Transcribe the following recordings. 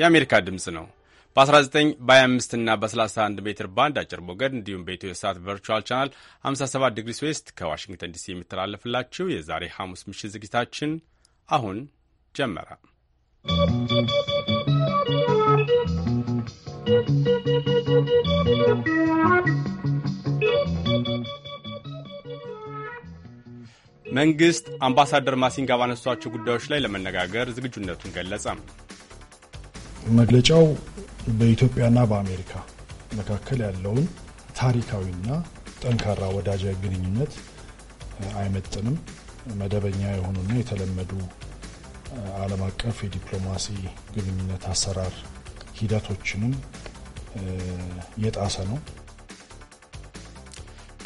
የአሜሪካ ድምፅ ነው። በ19 በ25 እና በ31 ሜትር ባንድ አጭር ሞገድ እንዲሁም በኢትዮ ሳት ቨርቹዋል ቻናል 57 ዲግሪ ስዌስት ከዋሽንግተን ዲሲ የሚተላለፍላችሁ የዛሬ ሐሙስ ምሽት ዝግጅታችን አሁን ጀመረ። መንግሥት አምባሳደር ማሲንጋ ባነሷቸው ጉዳዮች ላይ ለመነጋገር ዝግጁነቱን ገለጸ። መግለጫው በኢትዮጵያና በአሜሪካ መካከል ያለውን ታሪካዊና ጠንካራ ወዳጃዊ ግንኙነት አይመጥንም። መደበኛ የሆኑና የተለመዱ ዓለም አቀፍ የዲፕሎማሲ ግንኙነት አሰራር ሂደቶችንም የጣሰ ነው።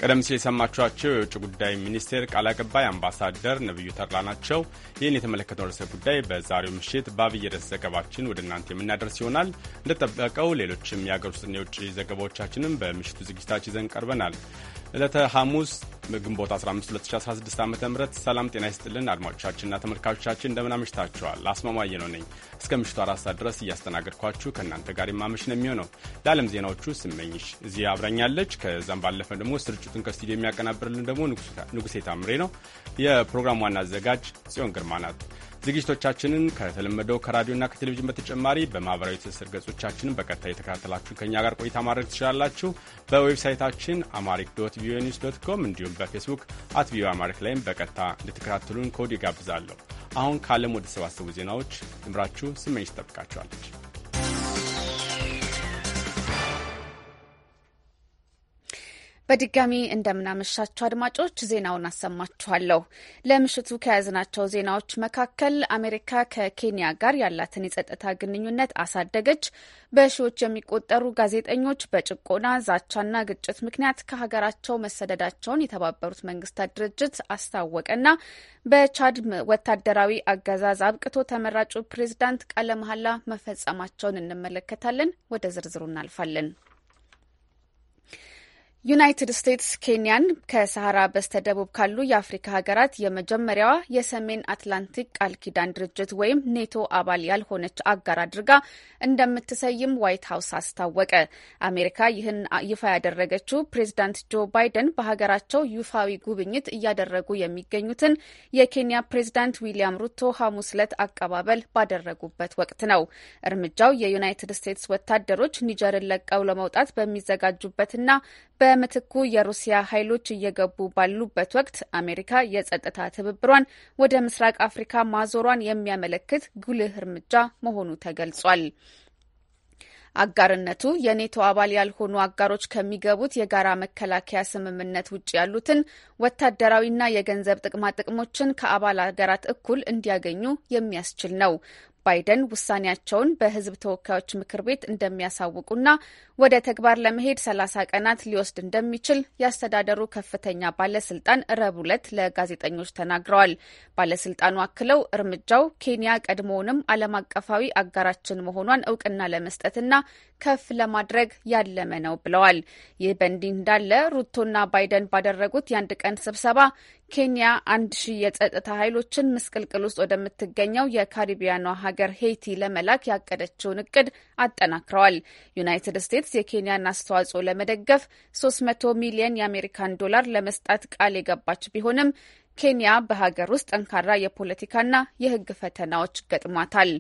ቀደም ሲል የሰማችኋቸው የውጭ ጉዳይ ሚኒስቴር ቃል አቀባይ አምባሳደር ነብዩ ተድላ ናቸው። ይህን የተመለከተው ርዕሰ ጉዳይ በዛሬው ምሽት በአብይ ርዕስ ዘገባችን ወደ እናንተ የምናደርስ ይሆናል። እንደጠበቀው ሌሎችም የአገር ውስጥና የውጭ ዘገባዎቻችንም በምሽቱ ዝግጅታችን ይዘን ቀርበናል። ዕለተ ሐሙስ ግንቦት 15 2016 ዓ ም ሰላም ጤና ይስጥልን አድማጮቻችንና ተመልካቾቻችን እንደምን አምሽታችኋል። አስማማየ ነው ነኝ እስከ ምሽቱ አራት ሰዓት ድረስ እያስተናገድኳችሁ ከእናንተ ጋር የማመሽ ነው የሚሆነው። ለዓለም ዜናዎቹ ስመኝሽ እዚህ አብረኛለች ከዛም ባለፈ ደግሞ ስርጭቱን ከስቱዲዮ የሚያቀናብርልን ደግሞ ንጉሴ ታምሬ ነው። የፕሮግራም ዋና አዘጋጅ ጽዮን ግርማ ናት። ዝግጅቶቻችንን ከተለመደው ከራዲዮና ከቴሌቪዥን በተጨማሪ በማህበራዊ ትስስር ገጾቻችንን በቀጥታ የተከታተላችሁ ከእኛ ጋር ቆይታ ማድረግ ትችላላችሁ። በዌብሳይታችን አማሪክ ዶት ቪኦኤ ኒውስ ዶት ኮም እንዲሁም በፌስቡክ አት ቪኦኤ አማሪክ ላይም በቀጥታ እንድትከታተሉን ከወዲህ ጋብዛለሁ። አሁን ከዓለም ወደ ሰባሰቡ ዜናዎች ምራችሁ ስመኝ ትጠብቃችኋለች። በድጋሚ እንደምናመሻችሁ አድማጮች ዜናውን አሰማችኋለሁ። ለምሽቱ ከያዝናቸው ዜናዎች መካከል አሜሪካ ከኬንያ ጋር ያላትን የጸጥታ ግንኙነት አሳደገች፣ በሺዎች የሚቆጠሩ ጋዜጠኞች በጭቆና ዛቻና ግጭት ምክንያት ከሀገራቸው መሰደዳቸውን የተባበሩት መንግስታት ድርጅት አስታወቀና በቻድ ወታደራዊ አገዛዝ አብቅቶ ተመራጩ ፕሬዝዳንት ቃለ መሐላ መፈጸማቸውን እንመለከታለን። ወደ ዝርዝሩ እናልፋለን። ዩናይትድ ስቴትስ ኬንያን ከሰሐራ በስተደቡብ ካሉ የአፍሪካ ሀገራት የመጀመሪያዋ የሰሜን አትላንቲክ ቃል ኪዳን ድርጅት ወይም ኔቶ አባል ያልሆነች አጋር አድርጋ እንደምትሰይም ዋይት ሀውስ አስታወቀ። አሜሪካ ይህን ይፋ ያደረገችው ፕሬዚዳንት ጆ ባይደን በሀገራቸው ይፋዊ ጉብኝት እያደረጉ የሚገኙትን የኬንያ ፕሬዚዳንት ዊሊያም ሩቶ ሐሙስ ዕለት አቀባበል ባደረጉበት ወቅት ነው። እርምጃው የዩናይትድ ስቴትስ ወታደሮች ኒጀርን ለቀው ለመውጣት በሚዘጋጁበትና በ በምትኩ የሩሲያ ኃይሎች እየገቡ ባሉበት ወቅት አሜሪካ የጸጥታ ትብብሯን ወደ ምስራቅ አፍሪካ ማዞሯን የሚያመለክት ጉልህ እርምጃ መሆኑ ተገልጿል። አጋርነቱ የኔቶ አባል ያልሆኑ አጋሮች ከሚገቡት የጋራ መከላከያ ስምምነት ውጭ ያሉትን ወታደራዊና የገንዘብ ጥቅማጥቅሞችን ከአባል ሀገራት እኩል እንዲያገኙ የሚያስችል ነው። ባይደን ውሳኔያቸውን በህዝብ ተወካዮች ምክር ቤት እንደሚያሳውቁና ወደ ተግባር ለመሄድ 30 ቀናት ሊወስድ እንደሚችል ያስተዳደሩ ከፍተኛ ባለስልጣን ረብ ሁለት ለጋዜጠኞች ተናግረዋል። ባለስልጣኑ አክለው እርምጃው ኬንያ ቀድሞውንም ዓለም አቀፋዊ አጋራችን መሆኗን እውቅና ለመስጠትና ከፍ ለማድረግ ያለመ ነው ብለዋል። ይህ በእንዲህ እንዳለ ሩቶና ባይደን ባደረጉት የአንድ ቀን ስብሰባ ኬንያ አንድ ሺህ የጸጥታ ኃይሎችን ምስቅልቅል ውስጥ ወደምትገኘው የካሪቢያኗ ሀገር ሄይቲ ለመላክ ያቀደችውን እቅድ አጠናክረዋል። ዩናይትድ ስቴትስ የኬንያን አስተዋጽኦ ለመደገፍ 300 ሚሊየን የአሜሪካን ዶላር ለመስጣት ቃል የገባች ቢሆንም ኬንያ በሀገር ውስጥ ጠንካራ የፖለቲካና የሕግ ፈተናዎች ገጥሟታል።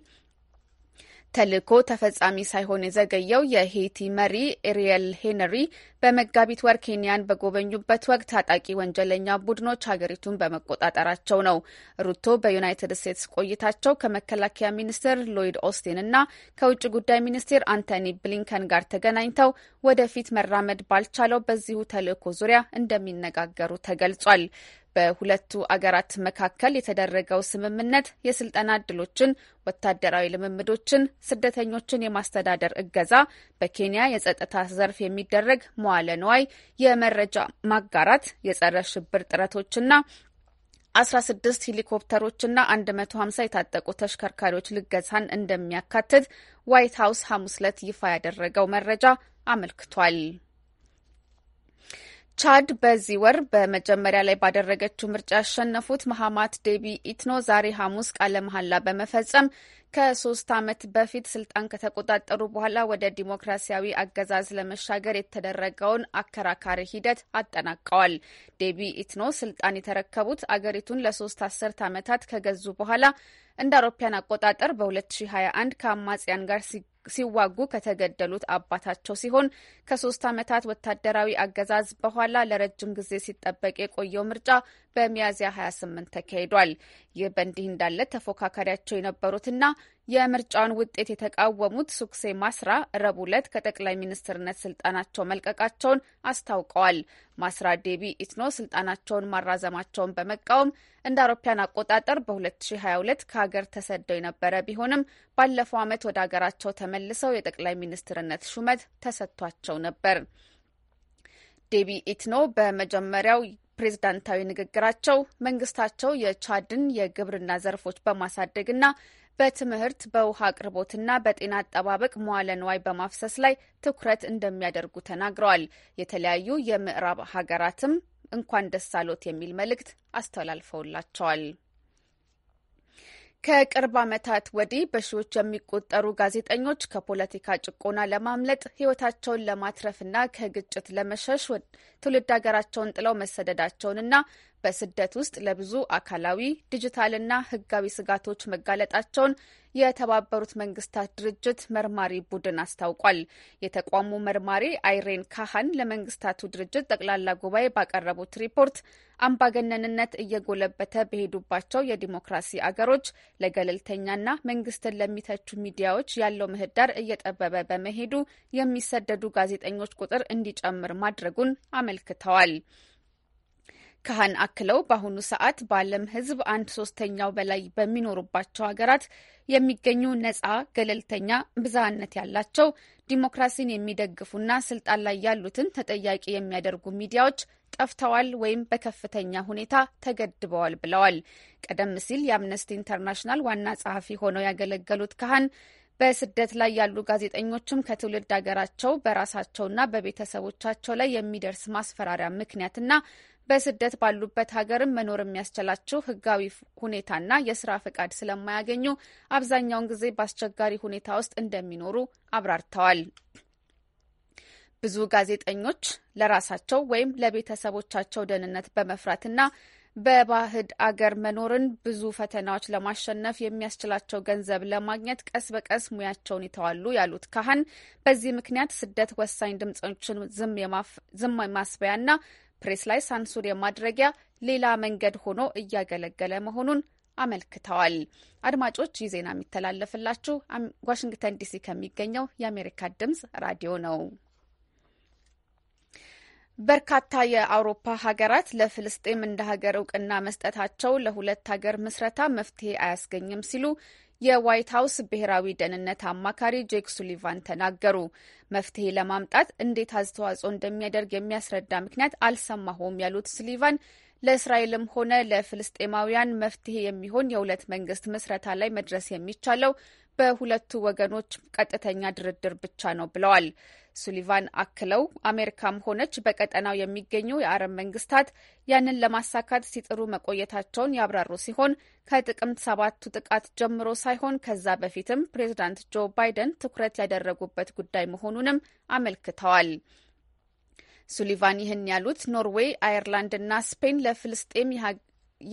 ተልዕኮ ተፈጻሚ ሳይሆን የዘገየው የሄይቲ መሪ ኤሪየል ሄነሪ በመጋቢት ወር ኬንያን በጎበኙበት ወቅት ታጣቂ ወንጀለኛ ቡድኖች ሀገሪቱን በመቆጣጠራቸው ነው። ሩቶ በዩናይትድ ስቴትስ ቆይታቸው ከመከላከያ ሚኒስትር ሎይድ ኦስቲን እና ከውጭ ጉዳይ ሚኒስትር አንቶኒ ብሊንከን ጋር ተገናኝተው ወደፊት መራመድ ባልቻለው በዚሁ ተልዕኮ ዙሪያ እንደሚነጋገሩ ተገልጿል። በሁለቱ አገራት መካከል የተደረገው ስምምነት የስልጠና እድሎችን፣ ወታደራዊ ልምምዶችን፣ ስደተኞችን የማስተዳደር እገዛ፣ በኬንያ የጸጥታ ዘርፍ የሚደረግ መዋለ ንዋይ፣ የመረጃ ማጋራት፣ የጸረ ሽብር ጥረቶችና 16 ሄሊኮፕተሮችና 150 የታጠቁ ተሽከርካሪዎች ልገሳን እንደሚያካትት ዋይት ሀውስ ሐሙስ ዕለት ይፋ ያደረገው መረጃ አመልክቷል። ቻድ በዚህ ወር በመጀመሪያ ላይ ባደረገችው ምርጫ ያሸነፉት መሐማት ዴቢ ኢትኖ ዛሬ ሐሙስ ቃለ መሐላ በመፈጸም ከሶስት ዓመት በፊት ስልጣን ከተቆጣጠሩ በኋላ ወደ ዲሞክራሲያዊ አገዛዝ ለመሻገር የተደረገውን አከራካሪ ሂደት አጠናቀዋል። ዴቢ ኢትኖ ስልጣን የተረከቡት አገሪቱን ለሶስት አስርት ዓመታት ከገዙ በኋላ እንደ አውሮፓያን አቆጣጠር በ2021 ከአማጽያን ጋር ሲ ሲዋጉ ከተገደሉት አባታቸው ሲሆን ከሶስት ዓመታት ወታደራዊ አገዛዝ በኋላ ለረጅም ጊዜ ሲጠበቅ የቆየው ምርጫ በሚያዝያ 28 ተካሂዷል። ይህ በእንዲህ እንዳለ ተፎካካሪያቸው የነበሩትና የምርጫውን ውጤት የተቃወሙት ሱክሴ ማስራ ረቡዕ ዕለት ከጠቅላይ ሚኒስትርነት ስልጣናቸው መልቀቃቸውን አስታውቀዋል። ማስራ ዴቢ ኢትኖ ስልጣናቸውን ማራዘማቸውን በመቃወም እንደ አውሮፓያን አቆጣጠር በ2022 ከሀገር ተሰደው የነበረ ቢሆንም ባለፈው ዓመት ወደ ሀገራቸው ተመልሰው የጠቅላይ ሚኒስትርነት ሹመት ተሰጥቷቸው ነበር። ዴቢ ኢትኖ በመጀመሪያው ፕሬዝዳንታዊ ንግግራቸው መንግስታቸው የቻድን የግብርና ዘርፎች በማሳደግና በትምህርት በውሃ አቅርቦትና በጤና አጠባበቅ መዋለ ንዋይ በማፍሰስ ላይ ትኩረት እንደሚያደርጉ ተናግረዋል። የተለያዩ የምዕራብ ሀገራትም እንኳን ደስ አሎት የሚል መልእክት አስተላልፈውላቸዋል። ከቅርብ ዓመታት ወዲህ በሺዎች የሚቆጠሩ ጋዜጠኞች ከፖለቲካ ጭቆና ለማምለጥ ሕይወታቸውን ለማትረፍና ከግጭት ለመሸሽ ትውልድ ሀገራቸውን ጥለው መሰደዳቸውንና በስደት ውስጥ ለብዙ አካላዊ ዲጂታልና ህጋዊ ስጋቶች መጋለጣቸውን የተባበሩት መንግስታት ድርጅት መርማሪ ቡድን አስታውቋል። የተቋሙ መርማሪ አይሬን ካህን ለመንግስታቱ ድርጅት ጠቅላላ ጉባኤ ባቀረቡት ሪፖርት አምባገነንነት እየጎለበተ በሄዱባቸው የዲሞክራሲ አገሮች ለገለልተኛና መንግስትን ለሚተቹ ሚዲያዎች ያለው ምህዳር እየጠበበ በመሄዱ የሚሰደዱ ጋዜጠኞች ቁጥር እንዲጨምር ማድረጉን አመልክተዋል። ካህን አክለው በአሁኑ ሰዓት በዓለም ሕዝብ አንድ ሶስተኛው በላይ በሚኖሩባቸው ሀገራት የሚገኙ ነጻ፣ ገለልተኛ፣ ብዝሃነት ያላቸው ዲሞክራሲን የሚደግፉና ስልጣን ላይ ያሉትን ተጠያቂ የሚያደርጉ ሚዲያዎች ጠፍተዋል ወይም በከፍተኛ ሁኔታ ተገድበዋል ብለዋል። ቀደም ሲል የአምነስቲ ኢንተርናሽናል ዋና ጸሐፊ ሆነው ያገለገሉት ካህን በስደት ላይ ያሉ ጋዜጠኞችም ከትውልድ ሀገራቸው በራሳቸውና በቤተሰቦቻቸው ላይ የሚደርስ ማስፈራሪያ ምክንያትና በስደት ባሉበት ሀገርም መኖር የሚያስችላቸው ህጋዊ ሁኔታና የስራ ፈቃድ ስለማያገኙ አብዛኛውን ጊዜ በአስቸጋሪ ሁኔታ ውስጥ እንደሚኖሩ አብራርተዋል። ብዙ ጋዜጠኞች ለራሳቸው ወይም ለቤተሰቦቻቸው ደህንነት በመፍራትና በባህድ አገር መኖርን ብዙ ፈተናዎች ለማሸነፍ የሚያስችላቸው ገንዘብ ለማግኘት ቀስ በቀስ ሙያቸውን ይተዋሉ ያሉት ካህን በዚህ ምክንያት ስደት ወሳኝ ድምፆችን ዝም የማስፈያና ፕሬስ ላይ ሳንሱር የማድረጊያ ሌላ መንገድ ሆኖ እያገለገለ መሆኑን አመልክተዋል። አድማጮች ይህ ዜና የሚተላለፍላችሁ ዋሽንግተን ዲሲ ከሚገኘው የአሜሪካ ድምጽ ራዲዮ ነው። በርካታ የአውሮፓ ሀገራት ለፍልስጤም እንደ ሀገር እውቅና መስጠታቸው ለሁለት ሀገር ምስረታ መፍትሄ አያስገኝም ሲሉ የዋይት ሀውስ ብሔራዊ ደህንነት አማካሪ ጄክ ሱሊቫን ተናገሩ። መፍትሄ ለማምጣት እንዴት አስተዋጽኦ እንደሚያደርግ የሚያስረዳ ምክንያት አልሰማሁም ያሉት ሱሊቫን ለእስራኤልም ሆነ ለፍልስጤማውያን መፍትሄ የሚሆን የሁለት መንግስት ምስረታ ላይ መድረስ የሚቻለው በሁለቱ ወገኖች ቀጥተኛ ድርድር ብቻ ነው ብለዋል። ሱሊቫን አክለው አሜሪካም ሆነች በቀጠናው የሚገኙ የአረብ መንግስታት ያንን ለማሳካት ሲጥሩ መቆየታቸውን ያብራሩ ሲሆን ከጥቅምት ሰባቱ ጥቃት ጀምሮ ሳይሆን ከዛ በፊትም ፕሬዝዳንት ጆ ባይደን ትኩረት ያደረጉበት ጉዳይ መሆኑንም አመልክተዋል። ሱሊቫን ይህን ያሉት ኖርዌይ፣ እና ስፔን ለፍልስጤም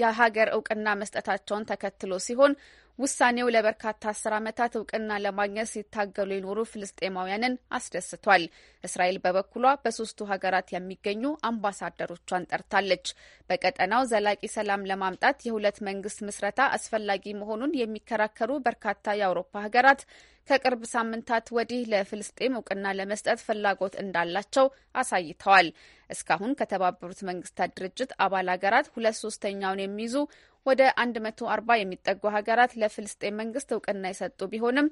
የሀገር እውቅና መስጠታቸውን ተከትሎ ሲሆን ውሳኔው ለበርካታ አስር ዓመታት እውቅና ለማግኘት ሲታገሉ የኖሩ ፍልስጤማውያንን አስደስቷል። እስራኤል በበኩሏ በሶስቱ ሀገራት የሚገኙ አምባሳደሮቿን ጠርታለች። በቀጠናው ዘላቂ ሰላም ለማምጣት የሁለት መንግስት ምስረታ አስፈላጊ መሆኑን የሚከራከሩ በርካታ የአውሮፓ ሀገራት ከቅርብ ሳምንታት ወዲህ ለፍልስጤም እውቅና ለመስጠት ፍላጎት እንዳላቸው አሳይተዋል። እስካሁን ከተባበሩት መንግስታት ድርጅት አባል ሀገራት ሁለት ሶስተኛውን የሚይዙ ወደ 140 የሚጠጉ ሀገራት ለፍልስጤን መንግስት እውቅና የሰጡ ቢሆንም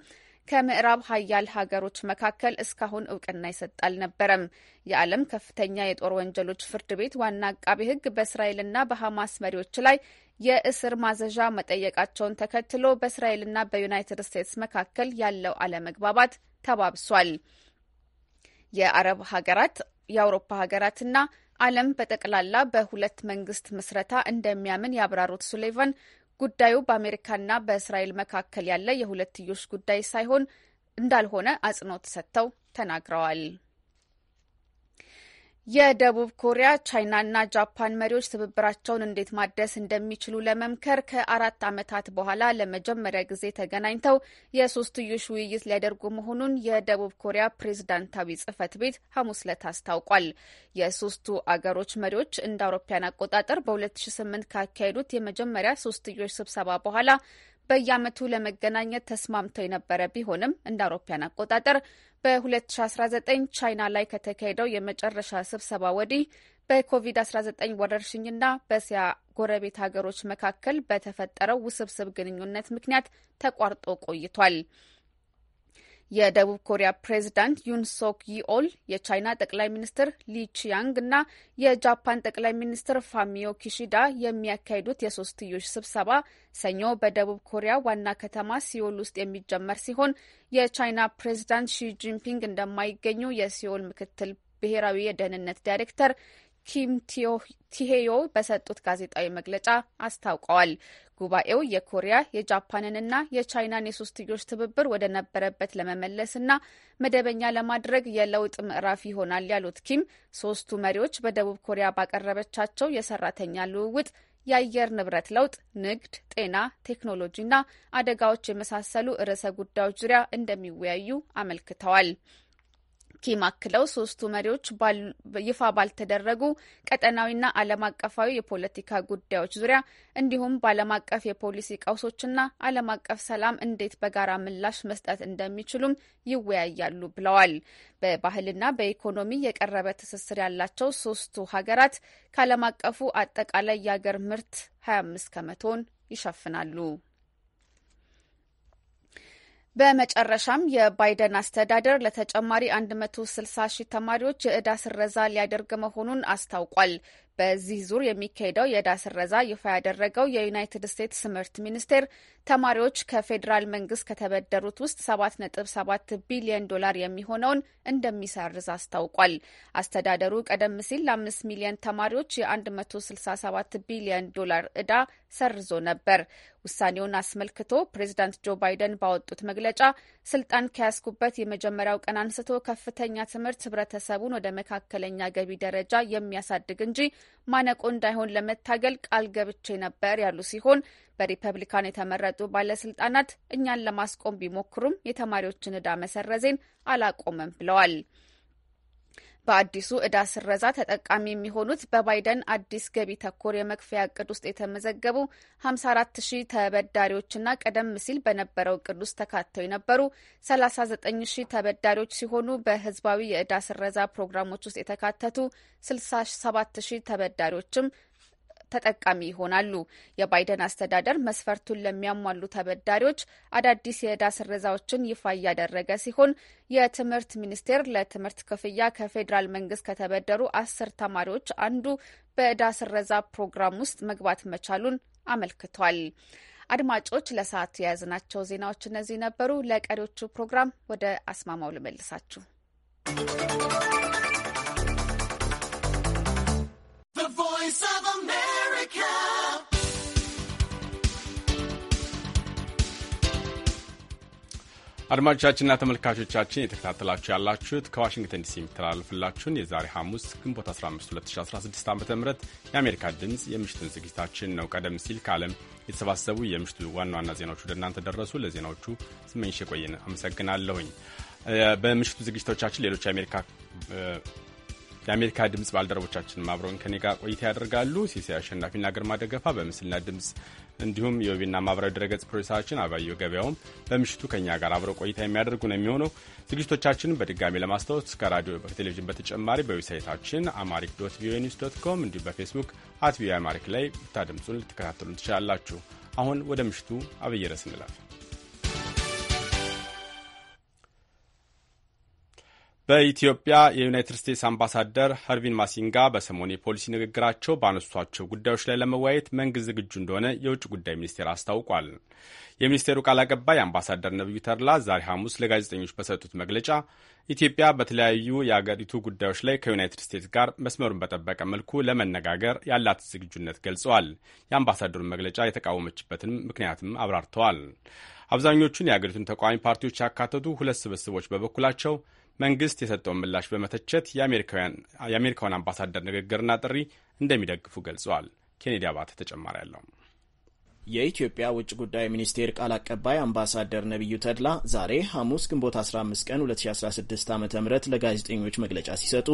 ከምዕራብ ሀያል ሀገሮች መካከል እስካሁን እውቅና ይሰጥ አልነበረም። የዓለም ከፍተኛ የጦር ወንጀሎች ፍርድ ቤት ዋና አቃቢ ህግ በእስራኤልና በሐማስ መሪዎች ላይ የእስር ማዘዣ መጠየቃቸውን ተከትሎ በእስራኤልና በዩናይትድ ስቴትስ መካከል ያለው አለመግባባት ተባብሷል። የአረብ ሀገራት የአውሮፓ ሀገራትና ዓለም በጠቅላላ በሁለት መንግስት ምስረታ እንደሚያምን ያብራሩት ሱሌቫን ጉዳዩ በአሜሪካና በእስራኤል መካከል ያለ የሁለትዮሽ ጉዳይ ሳይሆን እንዳልሆነ አጽንኦት ሰጥተው ተናግረዋል። የደቡብ ኮሪያ፣ ቻይናና ጃፓን መሪዎች ትብብራቸውን እንዴት ማደስ እንደሚችሉ ለመምከር ከአራት ዓመታት በኋላ ለመጀመሪያ ጊዜ ተገናኝተው የሶስትዮሽ ውይይት ሊያደርጉ መሆኑን የደቡብ ኮሪያ ፕሬዝዳንታዊ ጽህፈት ቤት ሐሙስ ዕለት አስታውቋል። የሶስቱ አገሮች መሪዎች እንደ አውሮፓያን አቆጣጠር በ2008 ካካሄዱት የመጀመሪያ ሶስትዮሽ ስብሰባ በኋላ በየአመቱ ለመገናኘት ተስማምተው የነበረ ቢሆንም እንደ አውሮፓያን አቆጣጠር በ2019 ቻይና ላይ ከተካሄደው የመጨረሻ ስብሰባ ወዲህ በኮቪድ-19 ወረርሽኝና በእስያ ጎረቤት ሀገሮች መካከል በተፈጠረው ውስብስብ ግንኙነት ምክንያት ተቋርጦ ቆይቷል። የደቡብ ኮሪያ ፕሬዚዳንት ዩን ሶክ የቻይና ጠቅላይ ሚኒስትር ሊቺያንግ እና የጃፓን ጠቅላይ ሚኒስትር ፋሚዮ ኪሺዳ የሚያካሂዱት የሶስትዮሽ ስብሰባ ሰኞ በደቡብ ኮሪያ ዋና ከተማ ሲዮል ውስጥ የሚጀመር ሲሆን የቻይና ፕሬዚዳንት ሺጂንፒንግ እንደማይገኙ የሲዮል ምክትል ብሔራዊ የደህንነት ዳይሬክተር ኪም ቲሄዮ በሰጡት ጋዜጣዊ መግለጫ አስታውቀዋል። ጉባኤው የኮሪያ የጃፓንንና የቻይናን የሶስትዮሽ ትብብር ወደ ነበረበት ለመመለስና መደበኛ ለማድረግ የለውጥ ምዕራፍ ይሆናል ያሉት ኪም ሶስቱ መሪዎች በደቡብ ኮሪያ ባቀረበቻቸው የሰራተኛ ልውውጥ የአየር ንብረት ለውጥ፣ ንግድ፣ ጤና፣ ቴክኖሎጂና አደጋዎች የመሳሰሉ ርዕሰ ጉዳዮች ዙሪያ እንደሚወያዩ አመልክተዋል። ኪም አክለው ሶስቱ መሪዎች ይፋ ባልተደረጉ ቀጠናዊና ዓለም አቀፋዊ የፖለቲካ ጉዳዮች ዙሪያ እንዲሁም በዓለም አቀፍ የፖሊሲ ቀውሶችና ዓለም አቀፍ ሰላም እንዴት በጋራ ምላሽ መስጠት እንደሚችሉም ይወያያሉ ብለዋል። በባህልና በኢኮኖሚ የቀረበ ትስስር ያላቸው ሶስቱ ሀገራት ከዓለም አቀፉ አጠቃላይ የአገር ምርት 25 ከመቶን ይሸፍናሉ። በመጨረሻም የባይደን አስተዳደር ለተጨማሪ 160 ሺህ ተማሪዎች የእዳ ስረዛ ሊያደርግ መሆኑን አስታውቋል። በዚህ ዙር የሚካሄደው የዕዳ ስረዛ ይፋ ያደረገው የዩናይትድ ስቴትስ ትምህርት ሚኒስቴር ተማሪዎች ከፌዴራል መንግስት ከተበደሩት ውስጥ 7.7 ቢሊዮን ዶላር የሚሆነውን እንደሚሰርዝ አስታውቋል። አስተዳደሩ ቀደም ሲል ለ5 ሚሊዮን ተማሪዎች የ167 ቢሊዮን ዶላር ዕዳ ሰርዞ ነበር። ውሳኔውን አስመልክቶ ፕሬዚዳንት ጆ ባይደን ባወጡት መግለጫ ስልጣን ከያዝኩበት የመጀመሪያው ቀን አንስቶ ከፍተኛ ትምህርት ህብረተሰቡን ወደ መካከለኛ ገቢ ደረጃ የሚያሳድግ እንጂ ማነቆ እንዳይሆን ለመታገል ቃል ገብቼ ነበር ያሉ ሲሆን በሪፐብሊካን የተመረጡ ባለስልጣናት እኛን ለማስቆም ቢሞክሩም የተማሪዎችን ዕዳ መሰረዜን አላቆመም ብለዋል። በአዲሱ እዳ ስረዛ ተጠቃሚ የሚሆኑት በባይደን አዲስ ገቢ ተኮር የመክፈያ እቅድ ውስጥ የተመዘገቡ 54 ሺህ ተበዳሪዎችና ቀደም ሲል በነበረው እቅድ ውስጥ ተካተው የነበሩ 39 ሺህ ተበዳሪዎች ሲሆኑ በህዝባዊ የእዳ ስረዛ ፕሮግራሞች ውስጥ የተካተቱ 67 ሺህ ተበዳሪዎችም ተጠቃሚ ይሆናሉ። የባይደን አስተዳደር መስፈርቱን ለሚያሟሉ ተበዳሪዎች አዳዲስ የዕዳ ስረዛዎችን ይፋ እያደረገ ሲሆን የትምህርት ሚኒስቴር ለትምህርት ክፍያ ከፌዴራል መንግስት ከተበደሩ አስር ተማሪዎች አንዱ በዕዳ ስረዛ ፕሮግራም ውስጥ መግባት መቻሉን አመልክቷል። አድማጮች ለሰዓቱ የያዝናቸው ዜናዎች እነዚህ ነበሩ። ለቀሪዎቹ ፕሮግራም ወደ አስማማው ልመልሳችሁ። አድማጮቻችንና ተመልካቾቻችን የተከታተላችሁ ያላችሁት ከዋሽንግተን ዲሲ የሚተላለፍላችሁን የዛሬ ሐሙስ ግንቦት 15 2016 ዓ ም የአሜሪካ ድምፅ የምሽትን ዝግጅታችን ነው። ቀደም ሲል ከዓለም የተሰባሰቡ የምሽቱ ዋና ዋና ዜናዎች ወደ እናንተ ደረሱ። ለዜናዎቹ ስመኝሽ የቆየን አመሰግናለሁኝ። በምሽቱ ዝግጅቶቻችን ሌሎች የአሜሪካ የአሜሪካ ድምፅ ባልደረቦቻችን አብረውን ከኔ ጋር ቆይታ ያደርጋሉ። ሲሲ አሸናፊና ግርማ ደገፋ በምስልና ድምፅ እንዲሁም የዌብና ማህበራዊ ድረገጽ ፕሮዲሰራችን አባዮ ገበያውም በምሽቱ ከኛ ጋር አብረው ቆይታ የሚያደርጉ ነው የሚሆነው። ዝግጅቶቻችንን በድጋሚ ለማስታወስ ከራዲዮ በቴሌቪዥን በተጨማሪ በዌብሳይታችን አማሪክ ዶት ቪኦኤ ኒውስ ዶት ኮም እንዲሁም በፌስቡክ አት ቪኦኤ አማሪክ ላይ ብታደምጹን ልትከታተሉን ትችላላችሁ። አሁን ወደ ምሽቱ አብይ ርዕስ በኢትዮጵያ የዩናይትድ ስቴትስ አምባሳደር ሀርቪን ማሲንጋ በሰሞኑ የፖሊሲ ንግግራቸው ባነሷቸው ጉዳዮች ላይ ለመወያየት መንግስት ዝግጁ እንደሆነ የውጭ ጉዳይ ሚኒስቴር አስታውቋል። የሚኒስቴሩ ቃል አቀባይ አምባሳደር ነቢዩ ተድላ ዛሬ ሐሙስ ለጋዜጠኞች በሰጡት መግለጫ ኢትዮጵያ በተለያዩ የአገሪቱ ጉዳዮች ላይ ከዩናይትድ ስቴትስ ጋር መስመሩን በጠበቀ መልኩ ለመነጋገር ያላት ዝግጁነት ገልጸዋል። የአምባሳደሩን መግለጫ የተቃወመችበትን ምክንያትም አብራርተዋል። አብዛኞቹን የአገሪቱን ተቃዋሚ ፓርቲዎች ያካተቱ ሁለት ስብስቦች በበኩላቸው መንግስት የሰጠውን ምላሽ በመተቸት የአሜሪካውን አምባሳደር ንግግርና ጥሪ እንደሚደግፉ ገልጸዋል። ኬኔዲ አባተ ተጨማሪ አለው። የኢትዮጵያ ውጭ ጉዳይ ሚኒስቴር ቃል አቀባይ አምባሳደር ነቢዩ ተድላ ዛሬ ሐሙስ ግንቦት 15 ቀን 2016 ዓ ም ለጋዜጠኞች መግለጫ ሲሰጡ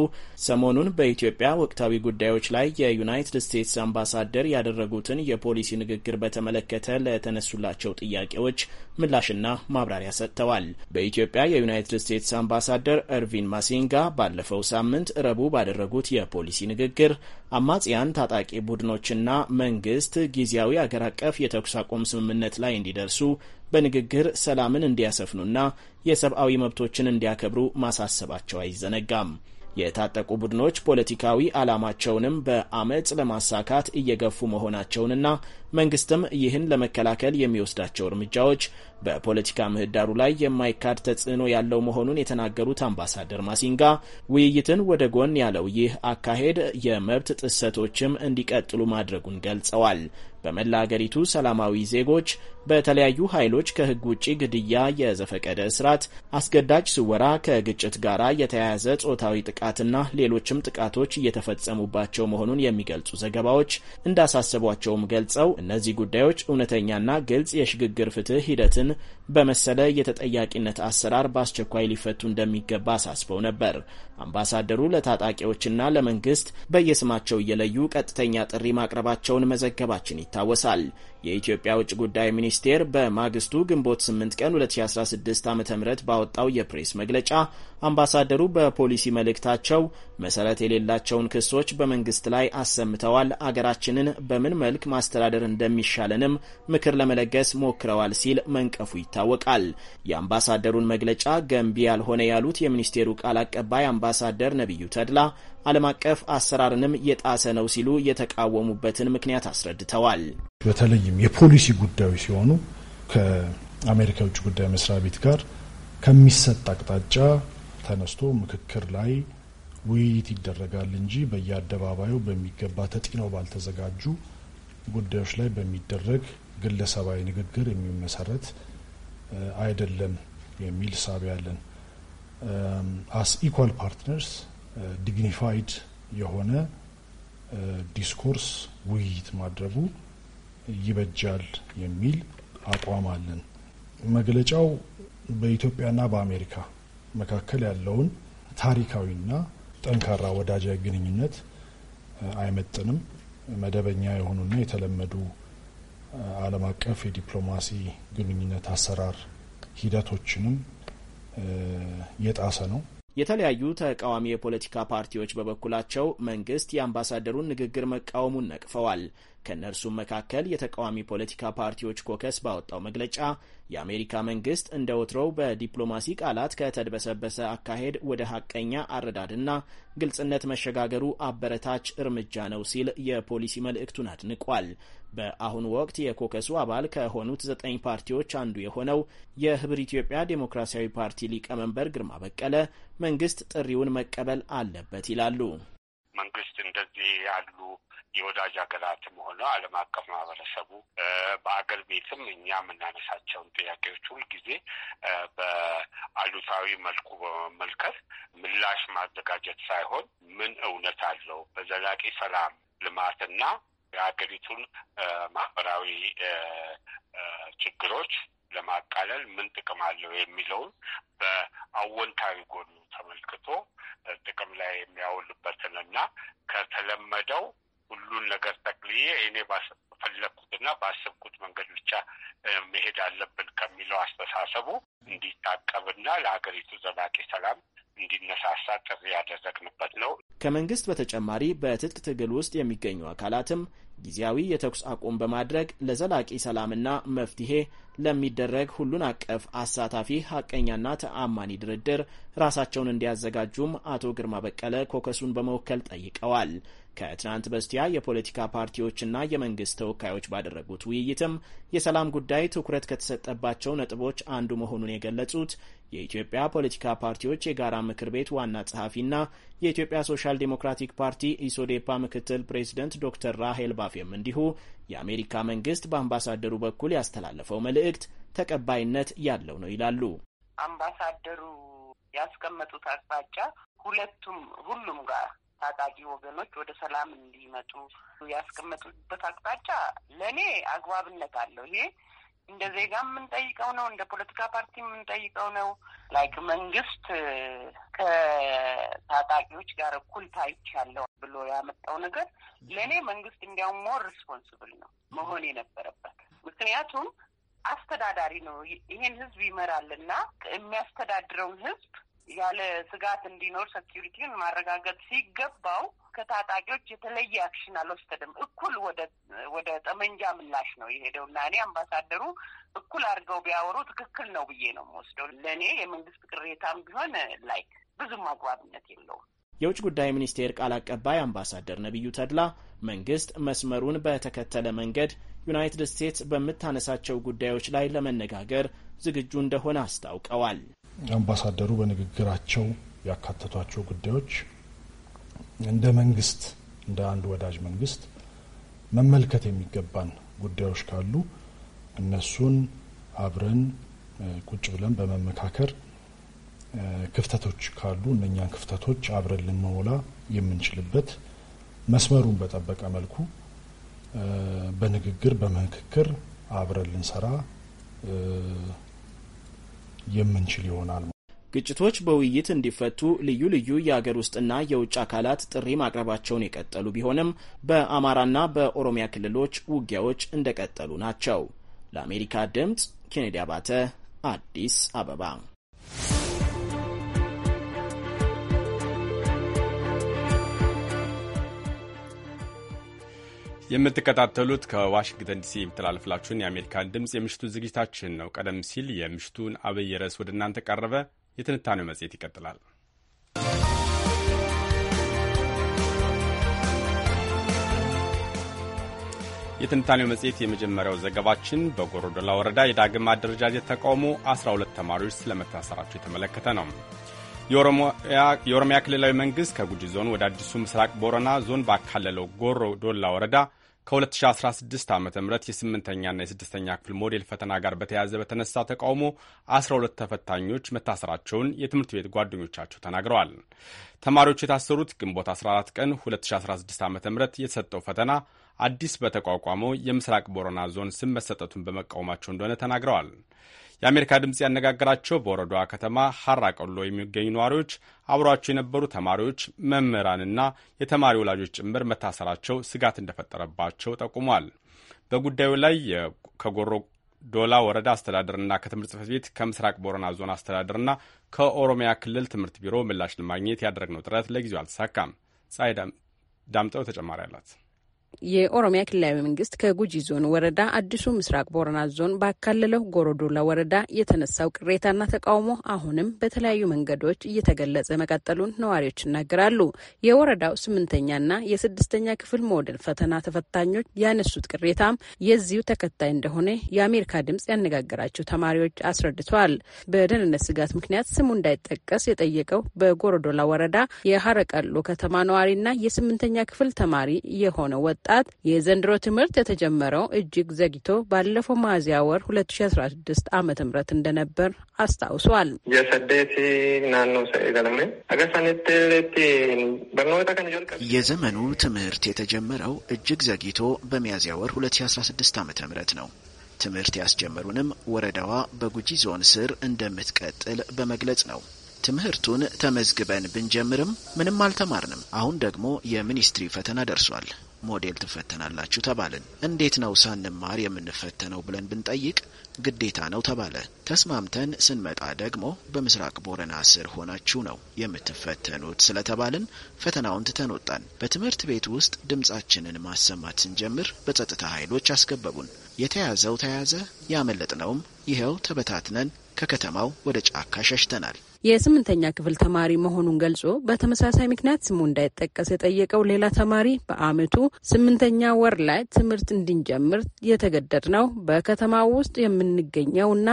ሰሞኑን በኢትዮጵያ ወቅታዊ ጉዳዮች ላይ የዩናይትድ ስቴትስ አምባሳደር ያደረጉትን የፖሊሲ ንግግር በተመለከተ ለተነሱላቸው ጥያቄዎች ምላሽና ማብራሪያ ሰጥተዋል። በኢትዮጵያ የዩናይትድ ስቴትስ አምባሳደር እርቪን ማሲንጋ ባለፈው ሳምንት ረቡዕ ባደረጉት የፖሊሲ ንግግር አማጽያን ታጣቂ ቡድኖችና መንግስት ጊዜያዊ አገር አቀፍ የተኩስ አቁም ስምምነት ላይ እንዲደርሱ በንግግር ሰላምን እንዲያሰፍኑና የሰብአዊ መብቶችን እንዲያከብሩ ማሳሰባቸው አይዘነጋም። የታጠቁ ቡድኖች ፖለቲካዊ ዓላማቸውንም በአመፅ ለማሳካት እየገፉ መሆናቸውንና መንግስትም ይህን ለመከላከል የሚወስዳቸው እርምጃዎች በፖለቲካ ምህዳሩ ላይ የማይካድ ተጽዕኖ ያለው መሆኑን የተናገሩት አምባሳደር ማሲንጋ ውይይትን ወደ ጎን ያለው ይህ አካሄድ የመብት ጥሰቶችም እንዲቀጥሉ ማድረጉን ገልጸዋል። በመላ አገሪቱ ሰላማዊ ዜጎች በተለያዩ ኃይሎች ከህግ ውጭ ግድያ፣ የዘፈቀደ እስራት፣ አስገዳጅ ስወራ፣ ከግጭት ጋር የተያያዘ ጾታዊ ጥቃትና ሌሎችም ጥቃቶች እየተፈጸሙባቸው መሆኑን የሚገልጹ ዘገባዎች እንዳሳሰቧቸውም ገልጸው እነዚህ ጉዳዮች እውነተኛና ግልጽ የሽግግር ፍትህ ሂደትን በመሰለ የተጠያቂነት አሰራር በአስቸኳይ ሊፈቱ እንደሚገባ አሳስበው ነበር። አምባሳደሩ ለታጣቂዎችና ለመንግስት በየስማቸው እየለዩ ቀጥተኛ ጥሪ ማቅረባቸውን መዘገባችን ይታወሳል። የኢትዮጵያ ውጭ ጉዳይ ሚኒስቴር በማግስቱ ግንቦት 8 ቀን 2016 ዓ ም ባወጣው የፕሬስ መግለጫ አምባሳደሩ በፖሊሲ መልእክታቸው መሰረት የሌላቸውን ክሶች በመንግስት ላይ አሰምተዋል፣ አገራችንን በምን መልክ ማስተዳደር እንደሚሻለንም ምክር ለመለገስ ሞክረዋል ሲል መንቀፉ ይታወቃል። የአምባሳደሩን መግለጫ ገንቢ ያልሆነ ያሉት የሚኒስቴሩ ቃል አቀባይ አምባሳደር ነቢዩ ተድላ ዓለም አቀፍ አሰራርንም የጣሰ ነው ሲሉ የተቃወሙበትን ምክንያት አስረድተዋል። በተለይም የፖሊሲ ጉዳዮች ሲሆኑ ከአሜሪካ የውጭ ጉዳይ መስሪያ ቤት ጋር ከሚሰጥ አቅጣጫ ተነስቶ ምክክር ላይ ውይይት ይደረጋል እንጂ በየአደባባዩ በሚገባ ተጢነው ባልተዘጋጁ ጉዳዮች ላይ በሚደረግ ግለሰባዊ ንግግር የሚመሰረት አይደለም የሚል ሳቢ አስ ኢኳል ፓርትነርስ ዲግኒፋይድ የሆነ ዲስኮርስ ውይይት ማድረጉ ይበጃል የሚል አቋም አለን። መግለጫው በኢትዮጵያና በአሜሪካ መካከል ያለውን ታሪካዊና ጠንካራ ወዳጃዊ ግንኙነት አይመጥንም። መደበኛ የሆኑና የተለመዱ ዓለም አቀፍ የዲፕሎማሲ ግንኙነት አሰራር ሂደቶችንም የጣሰ ነው። የተለያዩ ተቃዋሚ የፖለቲካ ፓርቲዎች በበኩላቸው መንግስት የአምባሳደሩን ንግግር መቃወሙን ነቅፈዋል። ከእነርሱም መካከል የተቃዋሚ ፖለቲካ ፓርቲዎች ኮከስ ባወጣው መግለጫ የአሜሪካ መንግስት እንደ ወትሮው በዲፕሎማሲ ቃላት ከተድበሰበሰ አካሄድ ወደ ሀቀኛ አረዳድና ግልጽነት መሸጋገሩ አበረታች እርምጃ ነው ሲል የፖሊሲ መልእክቱን አድንቋል። በአሁኑ ወቅት የኮከሱ አባል ከሆኑት ዘጠኝ ፓርቲዎች አንዱ የሆነው የህብር ኢትዮጵያ ዴሞክራሲያዊ ፓርቲ ሊቀመንበር ግርማ በቀለ መንግስት ጥሪውን መቀበል አለበት ይላሉ። መንግስት እንደዚህ ያሉ የወዳጅ ሀገራትም ሆነ ዓለም አቀፍ ማህበረሰቡ በአገር ቤትም እኛ የምናነሳቸውን ጥያቄዎች ሁልጊዜ በአሉታዊ መልኩ በመመልከት ምላሽ ማዘጋጀት ሳይሆን ምን እውነት አለው በዘላቂ ሰላም ልማትና የሀገሪቱን ማህበራዊ ችግሮች ለማቃለል ምን ጥቅም አለው የሚለውን በአወንታዊ ጎኑ ተመልክቶ ጥቅም ላይ የሚያውልበትን እና ከተለመደው ሁሉን ነገር ጠቅልዬ እኔ ፈለግኩትና ባሰብኩት መንገድ ብቻ መሄድ አለብን ከሚለው አስተሳሰቡ እንዲታቀብና ለሀገሪቱ ዘላቂ ሰላም እንዲነሳሳ ጥሪ ያደረግንበት ነው። ከመንግስት በተጨማሪ በትጥቅ ትግል ውስጥ የሚገኙ አካላትም ጊዜያዊ የተኩስ አቁም በማድረግ ለዘላቂ ሰላምና መፍትሄ ለሚደረግ ሁሉን አቀፍ አሳታፊ ሀቀኛና ተአማኒ ድርድር ራሳቸውን እንዲያዘጋጁም አቶ ግርማ በቀለ ኮከሱን በመወከል ጠይቀዋል። ከትናንት በስቲያ የፖለቲካ ፓርቲዎችና የመንግስት ተወካዮች ባደረጉት ውይይትም የሰላም ጉዳይ ትኩረት ከተሰጠባቸው ነጥቦች አንዱ መሆኑን የገለጹት የኢትዮጵያ ፖለቲካ ፓርቲዎች የጋራ ምክር ቤት ዋና ጸሐፊና የኢትዮጵያ ሶሻል ዴሞክራቲክ ፓርቲ ኢሶዴፓ ምክትል ፕሬዚደንት ዶክተር ራሄል ባፌም እንዲሁ የአሜሪካ መንግስት በአምባሳደሩ በኩል ያስተላለፈው መልእክት ተቀባይነት ያለው ነው ይላሉ። አምባሳደሩ ያስቀመጡት አቅጣጫ ሁለቱም ሁሉም ጋር ታጣቂ ወገኖች ወደ ሰላም እንዲመጡ ያስቀመጡበት አቅጣጫ ለእኔ አግባብነት አለው። ይሄ እንደ ዜጋ የምንጠይቀው ነው። እንደ ፖለቲካ ፓርቲ የምንጠይቀው ነው። ላይክ መንግስት ከታጣቂዎች ጋር እኩል ታይቻለሁ ብሎ ያመጣው ነገር ለእኔ መንግስት እንዲያውም ሞር ሪስፖንስብል ነው መሆን የነበረበት። ምክንያቱም አስተዳዳሪ ነው፣ ይሄን ህዝብ ይመራል እና የሚያስተዳድረውን ህዝብ ያለ ስጋት እንዲኖር ሴኪሪቲን ማረጋገጥ ሲገባው ከታጣቂዎች የተለየ አክሽን አልወሰድም። እኩል ወደ ጠመንጃ ምላሽ ነው የሄደው እና እኔ አምባሳደሩ እኩል አድርገው ቢያወሩ ትክክል ነው ብዬ ነው የምወስደው። ለእኔ የመንግስት ቅሬታም ቢሆን ላይ ብዙም አግባብነት የለውም። የውጭ ጉዳይ ሚኒስቴር ቃል አቀባይ አምባሳደር ነቢዩ ተድላ መንግስት መስመሩን በተከተለ መንገድ ዩናይትድ ስቴትስ በምታነሳቸው ጉዳዮች ላይ ለመነጋገር ዝግጁ እንደሆነ አስታውቀዋል። አምባሳደሩ በንግግራቸው ያካተቷቸው ጉዳዮች እንደ መንግስት እንደ አንድ ወዳጅ መንግስት መመልከት የሚገባን ጉዳዮች ካሉ እነሱን አብረን ቁጭ ብለን በመመካከር ክፍተቶች ካሉ እነኛን ክፍተቶች አብረን ልንሞላ የምንችልበት መስመሩን በጠበቀ መልኩ በንግግር በምክክር አብረን ልንሰራ የምንችል ይሆናል። ግጭቶች በውይይት እንዲፈቱ ልዩ ልዩ የአገር ውስጥና የውጭ አካላት ጥሪ ማቅረባቸውን የቀጠሉ ቢሆንም በአማራና በኦሮሚያ ክልሎች ውጊያዎች እንደቀጠሉ ናቸው። ለአሜሪካ ድምፅ ኬኔዲ አባተ አዲስ አበባ። የምትከታተሉት ከዋሽንግተን ዲሲ የሚተላለፍላችሁን የአሜሪካን ድምፅ የምሽቱ ዝግጅታችን ነው። ቀደም ሲል የምሽቱን አብይ ርዕስ ወደ እናንተ ቀረበ። የትንታኔው መጽሔት ይቀጥላል። የትንታኔው መጽሔት የመጀመሪያው ዘገባችን በጎሮዶላ ወረዳ የዳግም አደረጃጀት ተቃውሞ 12 ተማሪዎች ስለመታሰራቸው የተመለከተ ነው። የኦሮሚያ ክልላዊ መንግሥት ከጉጂ ዞን ወደ አዲሱ ምስራቅ ቦረና ዞን ባካለለው ጎሮዶላ ወረዳ ከ2016 ዓ ም የስምንተኛና የስድስተኛ ክፍል ሞዴል ፈተና ጋር በተያያዘ በተነሳ ተቃውሞ 12 ተፈታኞች መታሰራቸውን የትምህርት ቤት ጓደኞቻቸው ተናግረዋል። ተማሪዎች የታሰሩት ግንቦት 14 ቀን 2016 ዓ ም የተሰጠው ፈተና አዲስ በተቋቋመው የምስራቅ ቦረና ዞን ስም መሰጠቱን በመቃወማቸው እንደሆነ ተናግረዋል። የአሜሪካ ድምፅ ያነጋገራቸው በወረዷ ከተማ ሀራ ቀሎ የሚገኙ ነዋሪዎች አብሯቸው የነበሩ ተማሪዎች፣ መምህራንና የተማሪ ወላጆች ጭምር መታሰራቸው ስጋት እንደፈጠረባቸው ጠቁሟል። በጉዳዩ ላይ ከጎሮ ዶላ ወረዳ አስተዳደርና ከትምህርት ጽፈት ቤት ከምስራቅ ቦረና ዞን አስተዳደርና ከኦሮሚያ ክልል ትምህርት ቢሮ ምላሽ ለማግኘት ያደረግነው ጥረት ለጊዜው አልተሳካም። ፀሐይ ዳምጠው ተጨማሪ አላት። የኦሮሚያ ክልላዊ መንግስት ከጉጂ ዞን ወረዳ አዲሱ ምስራቅ ቦረና ዞን ባካለለው ጎሮዶላ ወረዳ የተነሳው ቅሬታና ተቃውሞ አሁንም በተለያዩ መንገዶች እየተገለጸ መቀጠሉን ነዋሪዎች ይናገራሉ። የወረዳው ስምንተኛና የስድስተኛ ክፍል ሞዴል ፈተና ተፈታኞች ያነሱት ቅሬታም የዚሁ ተከታይ እንደሆነ የአሜሪካ ድምጽ ያነጋገራቸው ተማሪዎች አስረድተዋል። በደህንነት ስጋት ምክንያት ስሙ እንዳይጠቀስ የጠየቀው በጎሮዶላ ወረዳ የሀረቀሎ ከተማ ነዋሪና የስምንተኛ ክፍል ተማሪ የሆነ ወጣ ለማስወጣት የዘንድሮ ትምህርት የተጀመረው እጅግ ዘግይቶ ባለፈው ሚያዝያ ወር 2016 ዓ ም እንደነበር አስታውሷል። የዘመኑ ትምህርት የተጀመረው እጅግ ዘግይቶ በሚያዝያ ወር 2016 ዓ ም ነው። ትምህርት ያስጀመሩንም ወረዳዋ በጉጂ ዞን ስር እንደምትቀጥል በመግለጽ ነው። ትምህርቱን ተመዝግበን ብንጀምርም ምንም አልተማርንም። አሁን ደግሞ የሚኒስትሪ ፈተና ደርሷል። ሞዴል ትፈተናላችሁ ተባልን። እንዴት ነው ሳንማር የምንፈተነው ብለን ብንጠይቅ ግዴታ ነው ተባለ። ተስማምተን ስንመጣ ደግሞ በምስራቅ ቦረና ስር ሆናችሁ ነው የምትፈተኑት ስለተባልን ፈተናውን ትተን ወጣን። በትምህርት ቤት ውስጥ ድምጻችንን ማሰማት ስንጀምር በጸጥታ ኃይሎች አስገበቡን። የተያዘው ተያዘ፣ ያመለጥነውም ይኸው ተበታትነን ከከተማው ወደ ጫካ ሸሽተናል። የስምንተኛ ክፍል ተማሪ መሆኑን ገልጾ በተመሳሳይ ምክንያት ስሙ እንዳይጠቀስ የጠየቀው ሌላ ተማሪ በአመቱ ስምንተኛ ወር ላይ ትምህርት እንድንጀምር ነው። በከተማው ውስጥ የምንገኘው እና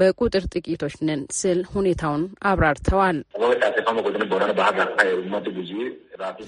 በቁጥር ጥቂቶች ነን ስል ሁኔታውን አብራርተዋል።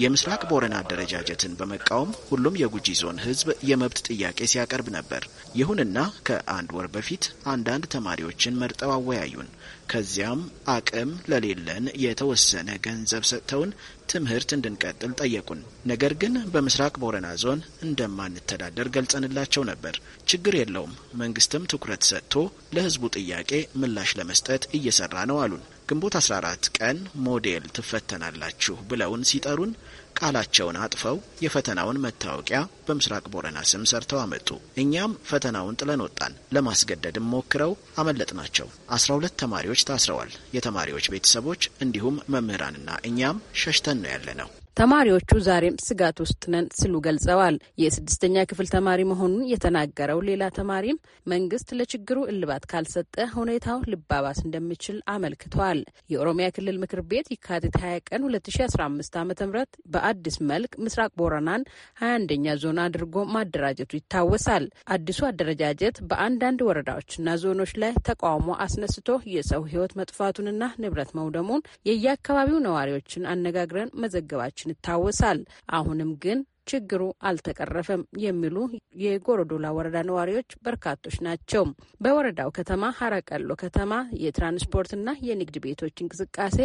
የምስራቅ ቦረና አደረጃጀትን በመቃወም ሁሉም የጉጂ ዞን ህዝብ የመብት ጥያቄ ሲያቀርብ ነበር። ይሁንና ከአንድ ወር በፊት አንዳንድ ተማሪዎችን መርጠው አወያዩን። ከዚያም አቅም ለሌለን የተወሰነ ገንዘብ ሰጥተውን ትምህርት እንድንቀጥል ጠየቁን። ነገር ግን በምስራቅ ቦረና ዞን እንደማንተዳደር ገልጸንላቸው ነበር። ችግር የለውም መንግስትም ትኩረት ሰጥቶ ለህዝቡ ጥያቄ ምላሽ ለመስጠት እየሰራ ነው አሉን። ግንቦት 14 ቀን ሞዴል ትፈተናላችሁ ብለውን ሲጠሩን ቃላቸውን አጥፈው የፈተናውን መታወቂያ በምስራቅ ቦረና ስም ሰርተው አመጡ። እኛም ፈተናውን ጥለን ወጣን። ለማስገደድም ሞክረው አመለጥናቸው። አስራ ሁለት ተማሪዎች ታስረዋል። የተማሪዎች ቤተሰቦች እንዲሁም መምህራንና እኛም ሸሽተን ነው ያለነው። ተማሪዎቹ ዛሬም ስጋት ውስጥ ነን ሲሉ ገልጸዋል። የስድስተኛ ክፍል ተማሪ መሆኑን የተናገረው ሌላ ተማሪም መንግስት ለችግሩ እልባት ካልሰጠ ሁኔታው ልባባስ እንደሚችል አመልክቷል። የኦሮሚያ ክልል ምክር ቤት የካቲት 20 ቀን 2015 ዓ ም በአዲስ መልክ ምስራቅ ቦረናን 21ኛ ዞን አድርጎ ማደራጀቱ ይታወሳል። አዲሱ አደረጃጀት በአንዳንድ ወረዳዎችና ዞኖች ላይ ተቃውሞ አስነስቶ የሰው ህይወት መጥፋቱንና ንብረት መውደሙን የየአካባቢው ነዋሪዎችን አነጋግረን መዘገባችን ይታወሳል። አሁንም ግን ችግሩ አልተቀረፈም የሚሉ የጎረዶላ ወረዳ ነዋሪዎች በርካቶች ናቸው። በወረዳው ከተማ ሀረቀሎ ከተማ የትራንስፖርትና የንግድ ቤቶች እንቅስቃሴ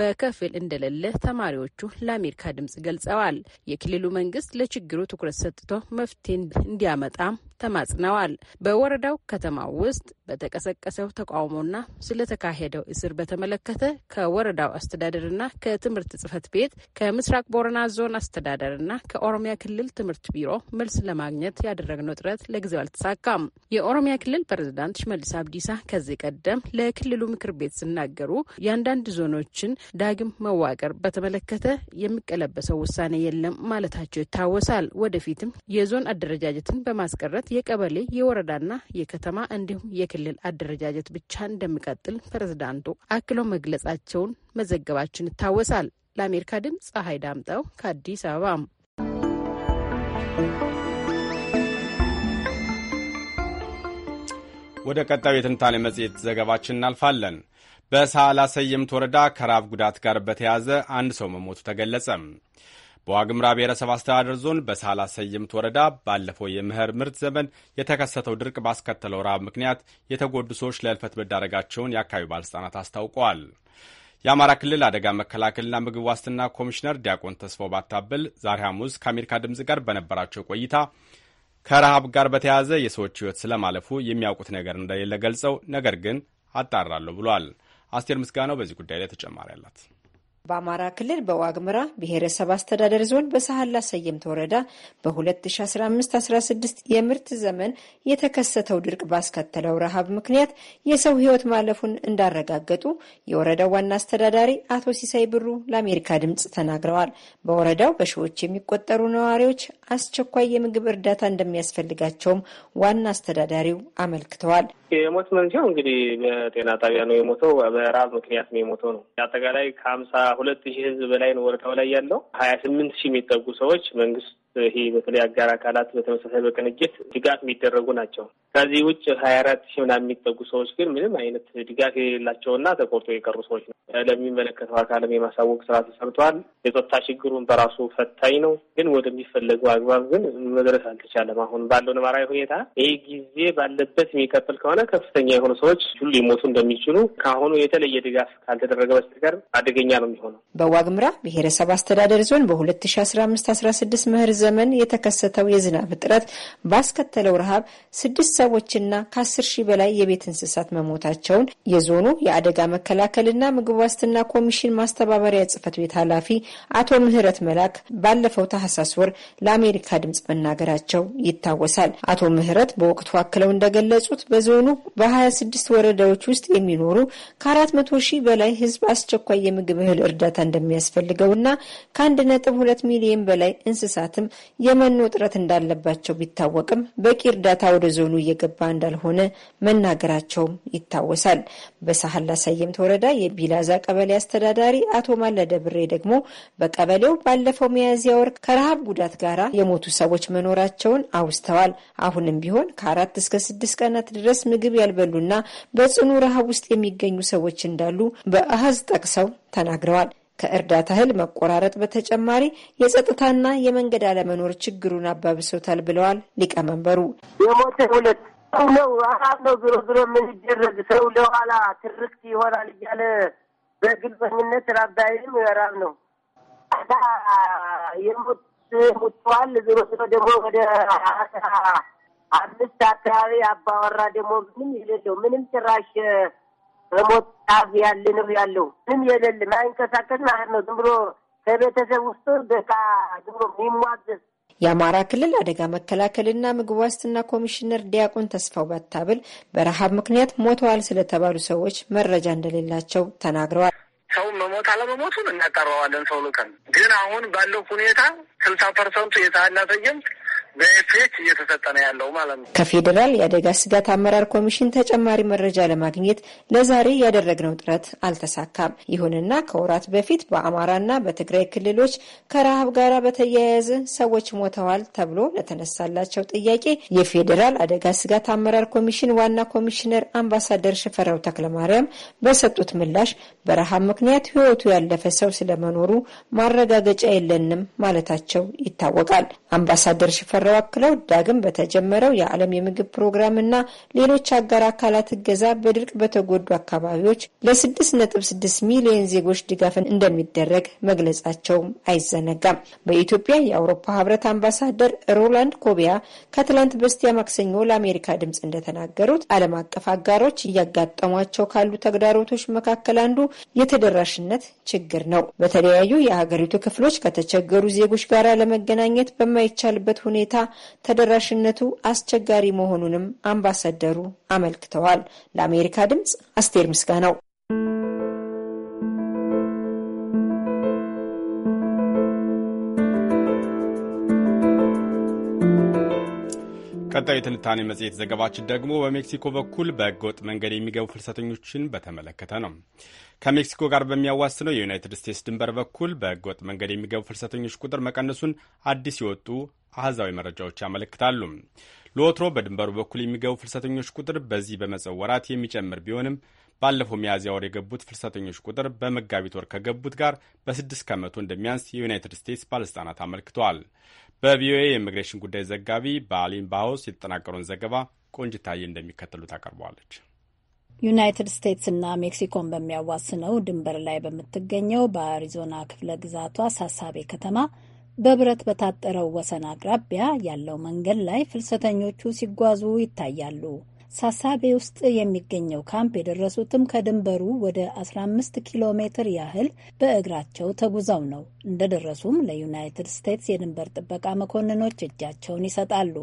በከፊል እንደሌለ ተማሪዎቹ ለአሜሪካ ድምጽ ገልጸዋል። የክልሉ መንግስት ለችግሩ ትኩረት ሰጥቶ መፍትሄ እንዲያመጣም ተማጽነዋል። በወረዳው ከተማ ውስጥ በተቀሰቀሰው ተቃውሞና ስለተካሄደው እስር በተመለከተ ከወረዳው አስተዳደርና ከትምህርት ጽፈት ቤት ከምስራቅ ቦረና ዞን አስተዳደርና ከኦሮሚያ ክልል ትምህርት ቢሮ መልስ ለማግኘት ያደረግነው ጥረት ለጊዜው አልተሳካም። የኦሮሚያ ክልል ፕሬዝዳንት ሽመልስ አብዲሳ ከዚህ ቀደም ለክልሉ ምክር ቤት ሲናገሩ የአንዳንድ ዞኖችን ዳግም መዋቅር በተመለከተ የሚቀለበሰው ውሳኔ የለም ማለታቸው ይታወሳል። ወደፊትም የዞን አደረጃጀትን በማስቀረት የቀበሌ የወረዳና የከተማ እንዲሁም የክልል አደረጃጀት ብቻ እንደሚቀጥል ፕሬዝዳንቱ አክለው መግለጻቸውን መዘገባችን ይታወሳል። ለአሜሪካ ድምፅ ፀሐይ ዳምጠው ከአዲስ አበባ። ወደ ቀጣዩ የትንታኔ መጽሔት ዘገባችን እናልፋለን። በሳህላ ሰየምት ወረዳ ከራብ ጉዳት ጋር በተያያዘ አንድ ሰው መሞቱ ተገለጸ። በዋግምራ ብሔረሰብ አስተዳደር ዞን በሳላ ሰይምት ወረዳ ባለፈው የምህር ምርት ዘመን የተከሰተው ድርቅ ባስከተለው ረሃብ ምክንያት የተጎዱ ሰዎች ለእልፈት መዳረጋቸውን የአካባቢው ባለሥልጣናት አስታውቀዋል። የአማራ ክልል አደጋ መከላከልና ምግብ ዋስትና ኮሚሽነር ዲያቆን ተስፋው ባታብል ዛሬ ሐሙስ ከአሜሪካ ድምፅ ጋር በነበራቸው ቆይታ ከረሃብ ጋር በተያያዘ የሰዎች ሕይወት ስለማለፉ የሚያውቁት ነገር እንደሌለ ገልጸው ነገር ግን አጣራለሁ ብሏል። አስቴር ምስጋናው በዚህ ጉዳይ ላይ ተጨማሪ አላት። በአማራ ክልል በዋግምራ ብሔረሰብ አስተዳደር ዞን በሳህላ ሰየምት ወረዳ በ2015/16 የምርት ዘመን የተከሰተው ድርቅ ባስከተለው ረሃብ ምክንያት የሰው ሕይወት ማለፉን እንዳረጋገጡ የወረዳው ዋና አስተዳዳሪ አቶ ሲሳይ ብሩ ለአሜሪካ ድምፅ ተናግረዋል። በወረዳው በሺዎች የሚቆጠሩ ነዋሪዎች አስቸኳይ የምግብ እርዳታ እንደሚያስፈልጋቸውም ዋና አስተዳዳሪው አመልክተዋል። የሞት መንስኤው እንግዲህ በጤና ጣቢያ ነው የሞተው። በረሃብ ምክንያት ነው የሞተው ነው አጠቃላይ ከሀምሳ ሁለት ሺህ ህዝብ በላይ ነው ወረዳው ላይ ያለው ሀያ ስምንት ሺህ የሚጠጉ ሰዎች መንግስት ይሄ በተለይ አጋር አካላት በተመሳሳይ በቅንጅት ድጋፍ የሚደረጉ ናቸው። ከዚህ ውጭ ሀያ አራት ሺህ ምናምን የሚጠጉ ሰዎች ግን ምንም አይነት ድጋፍ የሌላቸውና ተቆርጦ የቀሩ ሰዎች ነው። ለሚመለከተው አካልም የማሳወቅ ስራ ተሰርተዋል። የጸጥታ ችግሩን በራሱ ፈታኝ ነው፣ ግን ወደሚፈለገው አግባብ ግን መድረስ አልተቻለም። አሁን ባለው ነባራዊ ሁኔታ ይህ ጊዜ ባለበት የሚቀጥል ከሆነ ከፍተኛ የሆኑ ሰዎች ሁሉ ሊሞቱ እንደሚችሉ ከአሁኑ የተለየ ድጋፍ ካልተደረገ በስተቀር አደገኛ ነው የሚሆነው። በዋግምራ ብሔረሰብ አስተዳደር ዞን በሁለት ሺ አስራ አምስት አስራ ስድስት ምህር ዘመን የተከሰተው የዝናብ እጥረት ባስከተለው ረሃብ ስድስት ሰዎችና ከአስር ሺህ በላይ የቤት እንስሳት መሞታቸውን የዞኑ የአደጋ መከላከልና ምግብ ዋስትና ኮሚሽን ማስተባበሪያ ጽፈት ቤት ኃላፊ አቶ ምህረት መላክ ባለፈው ታህሳስ ወር ለአሜሪካ ድምጽ መናገራቸው ይታወሳል። አቶ ምህረት በወቅቱ አክለው እንደገለጹት በዞኑ በ26 ወረዳዎች ውስጥ የሚኖሩ ከ400 ሺህ በላይ ህዝብ አስቸኳይ የምግብ እህል እርዳታ እንደሚያስፈልገው እና ከ1.2 ሚሊዮን በላይ እንስሳትም የመኖ እጥረት እንዳለባቸው ቢታወቅም በቂ እርዳታ ወደ ዞኑ እየገባ እንዳልሆነ መናገራቸውም ይታወሳል። በሳህላ ሰየምት ወረዳ የቢላዛ ቀበሌ አስተዳዳሪ አቶ ማለደ ብሬ ደግሞ በቀበሌው ባለፈው ሚያዝያ ወር ከረሃብ ጉዳት ጋር የሞቱ ሰዎች መኖራቸውን አውስተዋል። አሁንም ቢሆን ከአራት እስከ ስድስት ቀናት ድረስ ምግብ ያልበሉና በጽኑ ረሃብ ውስጥ የሚገኙ ሰዎች እንዳሉ በአሃዝ ጠቅሰው ተናግረዋል። ከእርዳታ እህል መቆራረጥ በተጨማሪ የጸጥታና የመንገድ አለመኖር ችግሩን አባብሰውታል ብለዋል ሊቀመንበሩ። የሞተ ሁለት ሰው ነው ረሀብ ነው። ዞሮ ዞሮ የምንደረግ ሰው ለኋላ ትርክት ይሆናል እያለ በግልጸኝነት ራባይም ረሀብ ነው። የሞት ሙተዋል። ዞሮ ዞሮ ደግሞ ወደ አምስት አካባቢ አባወራ ደግሞ ምንም የሌለው ምንም ጭራሽ በሞት ያለ ነው ያለው ምንም የሌለ ማይንቀሳቀስ ማለት ነው። ዝም ብሎ ከቤተሰብ ውስጥ በቃ ዝም ብሎ የሚሟዘዝ የአማራ ክልል አደጋ መከላከልና ምግብ ዋስትና ኮሚሽነር ዲያቆን ተስፋው ባታብል በረሃብ ምክንያት ሞተዋል ስለተባሉ ሰዎች መረጃ እንደሌላቸው ተናግረዋል። ሰው መሞት አለመሞቱን እናቀረዋለን ሰው ልከን ግን አሁን ባለው ሁኔታ ስልሳ ፐርሰንቱ የተሃላ ሰየምት በኤፍኤች እየተሰጠ ነው ያለው ማለት ነው። ከፌዴራል የአደጋ ስጋት አመራር ኮሚሽን ተጨማሪ መረጃ ለማግኘት ለዛሬ ያደረግነው ጥረት አልተሳካም። ይሁንና ከወራት በፊት በአማራና በትግራይ ክልሎች ከረሃብ ጋር በተያያዘ ሰዎች ሞተዋል ተብሎ ለተነሳላቸው ጥያቄ የፌዴራል አደጋ ስጋት አመራር ኮሚሽን ዋና ኮሚሽነር አምባሳደር ሽፈራው ተክለማርያም በሰጡት ምላሽ በረሃብ ምክንያት ሕይወቱ ያለፈ ሰው ስለመኖሩ ማረጋገጫ የለንም ማለታቸው ይታወቃል። አምባሳደር ሽፈራው ሽፈራው አክለው ዳግም በተጀመረው የዓለም የምግብ ፕሮግራም እና ሌሎች አጋር አካላት እገዛ በድርቅ በተጎዱ አካባቢዎች ለስድስት ነጥብ ስድስት ሚሊዮን ዜጎች ድጋፍ እንደሚደረግ መግለጻቸውም አይዘነጋም። በኢትዮጵያ የአውሮፓ ህብረት አምባሳደር ሮላንድ ኮቢያ ከትላንት በስቲያ ማክሰኞ ለአሜሪካ ድምፅ እንደተናገሩት ዓለም አቀፍ አጋሮች እያጋጠሟቸው ካሉ ተግዳሮቶች መካከል አንዱ የተደራሽነት ችግር ነው። በተለያዩ የሀገሪቱ ክፍሎች ከተቸገሩ ዜጎች ጋር ለመገናኘት በማይቻልበት ሁኔታ ሁኔታ ተደራሽነቱ አስቸጋሪ መሆኑንም አምባሳደሩ አመልክተዋል። ለአሜሪካ ድምፅ አስቴር ነው። ቀጣዩ የትንታኔ መጽሔት ዘገባችን ደግሞ በሜክሲኮ በኩል በህገወጥ መንገድ የሚገቡ ፍልሰተኞችን በተመለከተ ነው። ከሜክሲኮ ጋር በሚያዋስነው የዩናይትድ ስቴትስ ድንበር በኩል በህገወጥ መንገድ የሚገቡ ፍልሰተኞች ቁጥር መቀነሱን አዲስ የወጡ አህዛዊ መረጃዎች ያመለክታሉ። ለወትሮ በድንበሩ በኩል የሚገቡ ፍልሰተኞች ቁጥር በዚህ በመጸው ወራት የሚጨምር ቢሆንም ባለፈው ሚያዝያ ወር የገቡት ፍልሰተኞች ቁጥር በመጋቢት ወር ከገቡት ጋር በስድስት ከመቶ እንደሚያንስ የዩናይትድ ስቴትስ ባለሥልጣናት አመልክተዋል። በቪኦኤ የኢሚግሬሽን ጉዳይ ዘጋቢ በአሊን ባሆስ የተጠናቀረውን ዘገባ ቆንጅታዬ እንደሚከተሉ ታቀርበዋለች። ዩናይትድ ስቴትስና ሜክሲኮን በሚያዋስነው ድንበር ላይ በምትገኘው በአሪዞና ክፍለ ግዛቷ ሳሳቤ ከተማ በብረት በታጠረው ወሰን አቅራቢያ ያለው መንገድ ላይ ፍልሰተኞቹ ሲጓዙ ይታያሉ። ሳሳቤ ውስጥ የሚገኘው ካምፕ የደረሱትም ከድንበሩ ወደ 15 ኪሎ ሜትር ያህል በእግራቸው ተጉዘው ነው። እንደደረሱም ለዩናይትድ ስቴትስ የድንበር ጥበቃ መኮንኖች እጃቸውን ይሰጣሉ።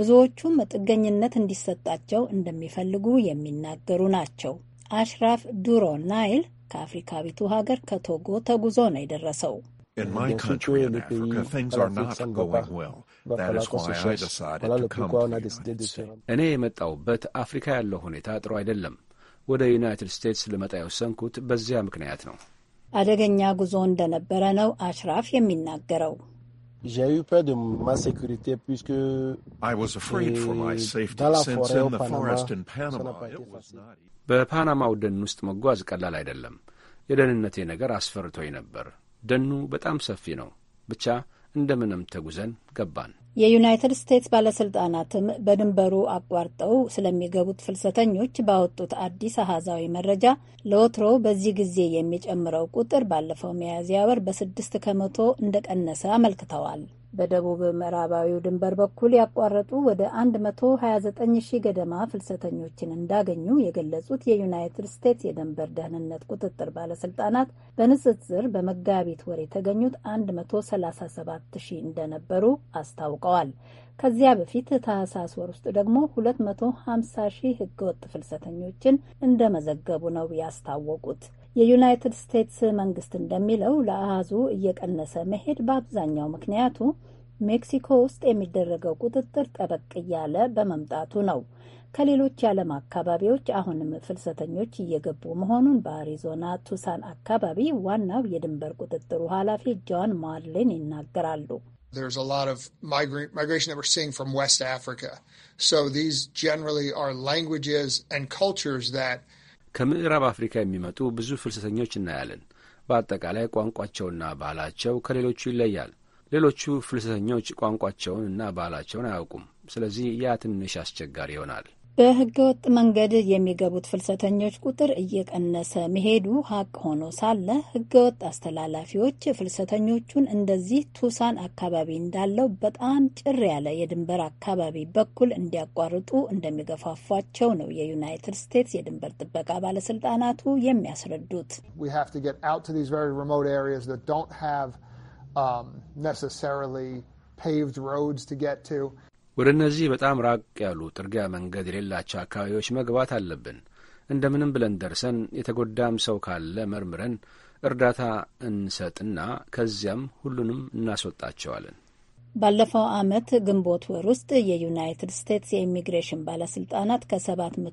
ብዙዎቹም ጥገኝነት እንዲሰጣቸው እንደሚፈልጉ የሚናገሩ ናቸው። አሽራፍ ዱሮ ናይል ከአፍሪካዊቱ ሀገር ከቶጎ ተጉዞ ነው የደረሰው። In my country in Africa, things are not going well. እኔ የመጣውበት አፍሪካ ያለው ሁኔታ ጥሩ አይደለም። ወደ ዩናይትድ ስቴትስ ልመጣ የወሰንኩት በዚያ ምክንያት ነው። አደገኛ ጉዞ እንደነበረ ነው አሽራፍ የሚናገረው። በፓናማው ደን ውስጥ መጓዝ ቀላል አይደለም። የደህንነቴ ነገር አስፈርቶኝ ነበር። ደኑ በጣም ሰፊ ነው። ብቻ እንደምንም ተጉዘን ገባን። የዩናይትድ ስቴትስ ባለስልጣናትም በድንበሩ አቋርጠው ስለሚገቡት ፍልሰተኞች ባወጡት አዲስ አሃዛዊ መረጃ ለወትሮ በዚህ ጊዜ የሚጨምረው ቁጥር ባለፈው ሚያዝያ ወር በስድስት ከመቶ እንደቀነሰ አመልክተዋል። በደቡብ ምዕራባዊው ድንበር በኩል ያቋረጡ ወደ 129 ሺህ ገደማ ፍልሰተኞችን እንዳገኙ የገለጹት የዩናይትድ ስቴትስ የድንበር ደህንነት ቁጥጥር ባለስልጣናት በንጽጽር በመጋቢት ወር የተገኙት 137 ሺህ እንደነበሩ አስታውቀዋል። ከዚያ በፊት ታህሳስ ወር ውስጥ ደግሞ 250 ሺህ ህገወጥ ፍልሰተኞችን እንደመዘገቡ ነው ያስታወቁት። የዩናይትድ ስቴትስ መንግስት እንደሚለው ለአሃዙ እየቀነሰ መሄድ በአብዛኛው ምክንያቱ ሜክሲኮ ውስጥ የሚደረገው ቁጥጥር ጠበቅ እያለ በመምጣቱ ነው። ከሌሎች የዓለም አካባቢዎች አሁንም ፍልሰተኞች እየገቡ መሆኑን በአሪዞና ቱሳን አካባቢ ዋናው የድንበር ቁጥጥሩ ኃላፊ ጆን ማርሊን ይናገራሉ። ከምዕራብ አፍሪካ የሚመጡ ብዙ ፍልሰተኞች እናያለን። በአጠቃላይ ቋንቋቸውና ባህላቸው ከሌሎቹ ይለያል። ሌሎቹ ፍልሰተኞች ቋንቋቸውን እና ባህላቸውን አያውቁም። ስለዚህ ያ ትንሽ አስቸጋሪ ይሆናል። በህገወጥ መንገድ የሚገቡት ፍልሰተኞች ቁጥር እየቀነሰ መሄዱ ሀቅ ሆኖ ሳለ ህገወጥ አስተላላፊዎች ፍልሰተኞቹን እንደዚህ ቱሳን አካባቢ እንዳለው በጣም ጭር ያለ የድንበር አካባቢ በኩል እንዲያቋርጡ እንደሚገፋፏቸው ነው የዩናይትድ ስቴትስ የድንበር ጥበቃ ባለስልጣናቱ የሚያስረዱት። ወደ እነዚህ በጣም ራቅ ያሉ ጥርጊያ መንገድ የሌላቸው አካባቢዎች መግባት አለብን። እንደምንም ብለን ደርሰን የተጎዳም ሰው ካለ መርምረን እርዳታ እንሰጥና ከዚያም ሁሉንም እናስወጣቸዋለን። ባለፈው ዓመት ግንቦት ወር ውስጥ የዩናይትድ ስቴትስ የኢሚግሬሽን ባለስልጣናት ከ720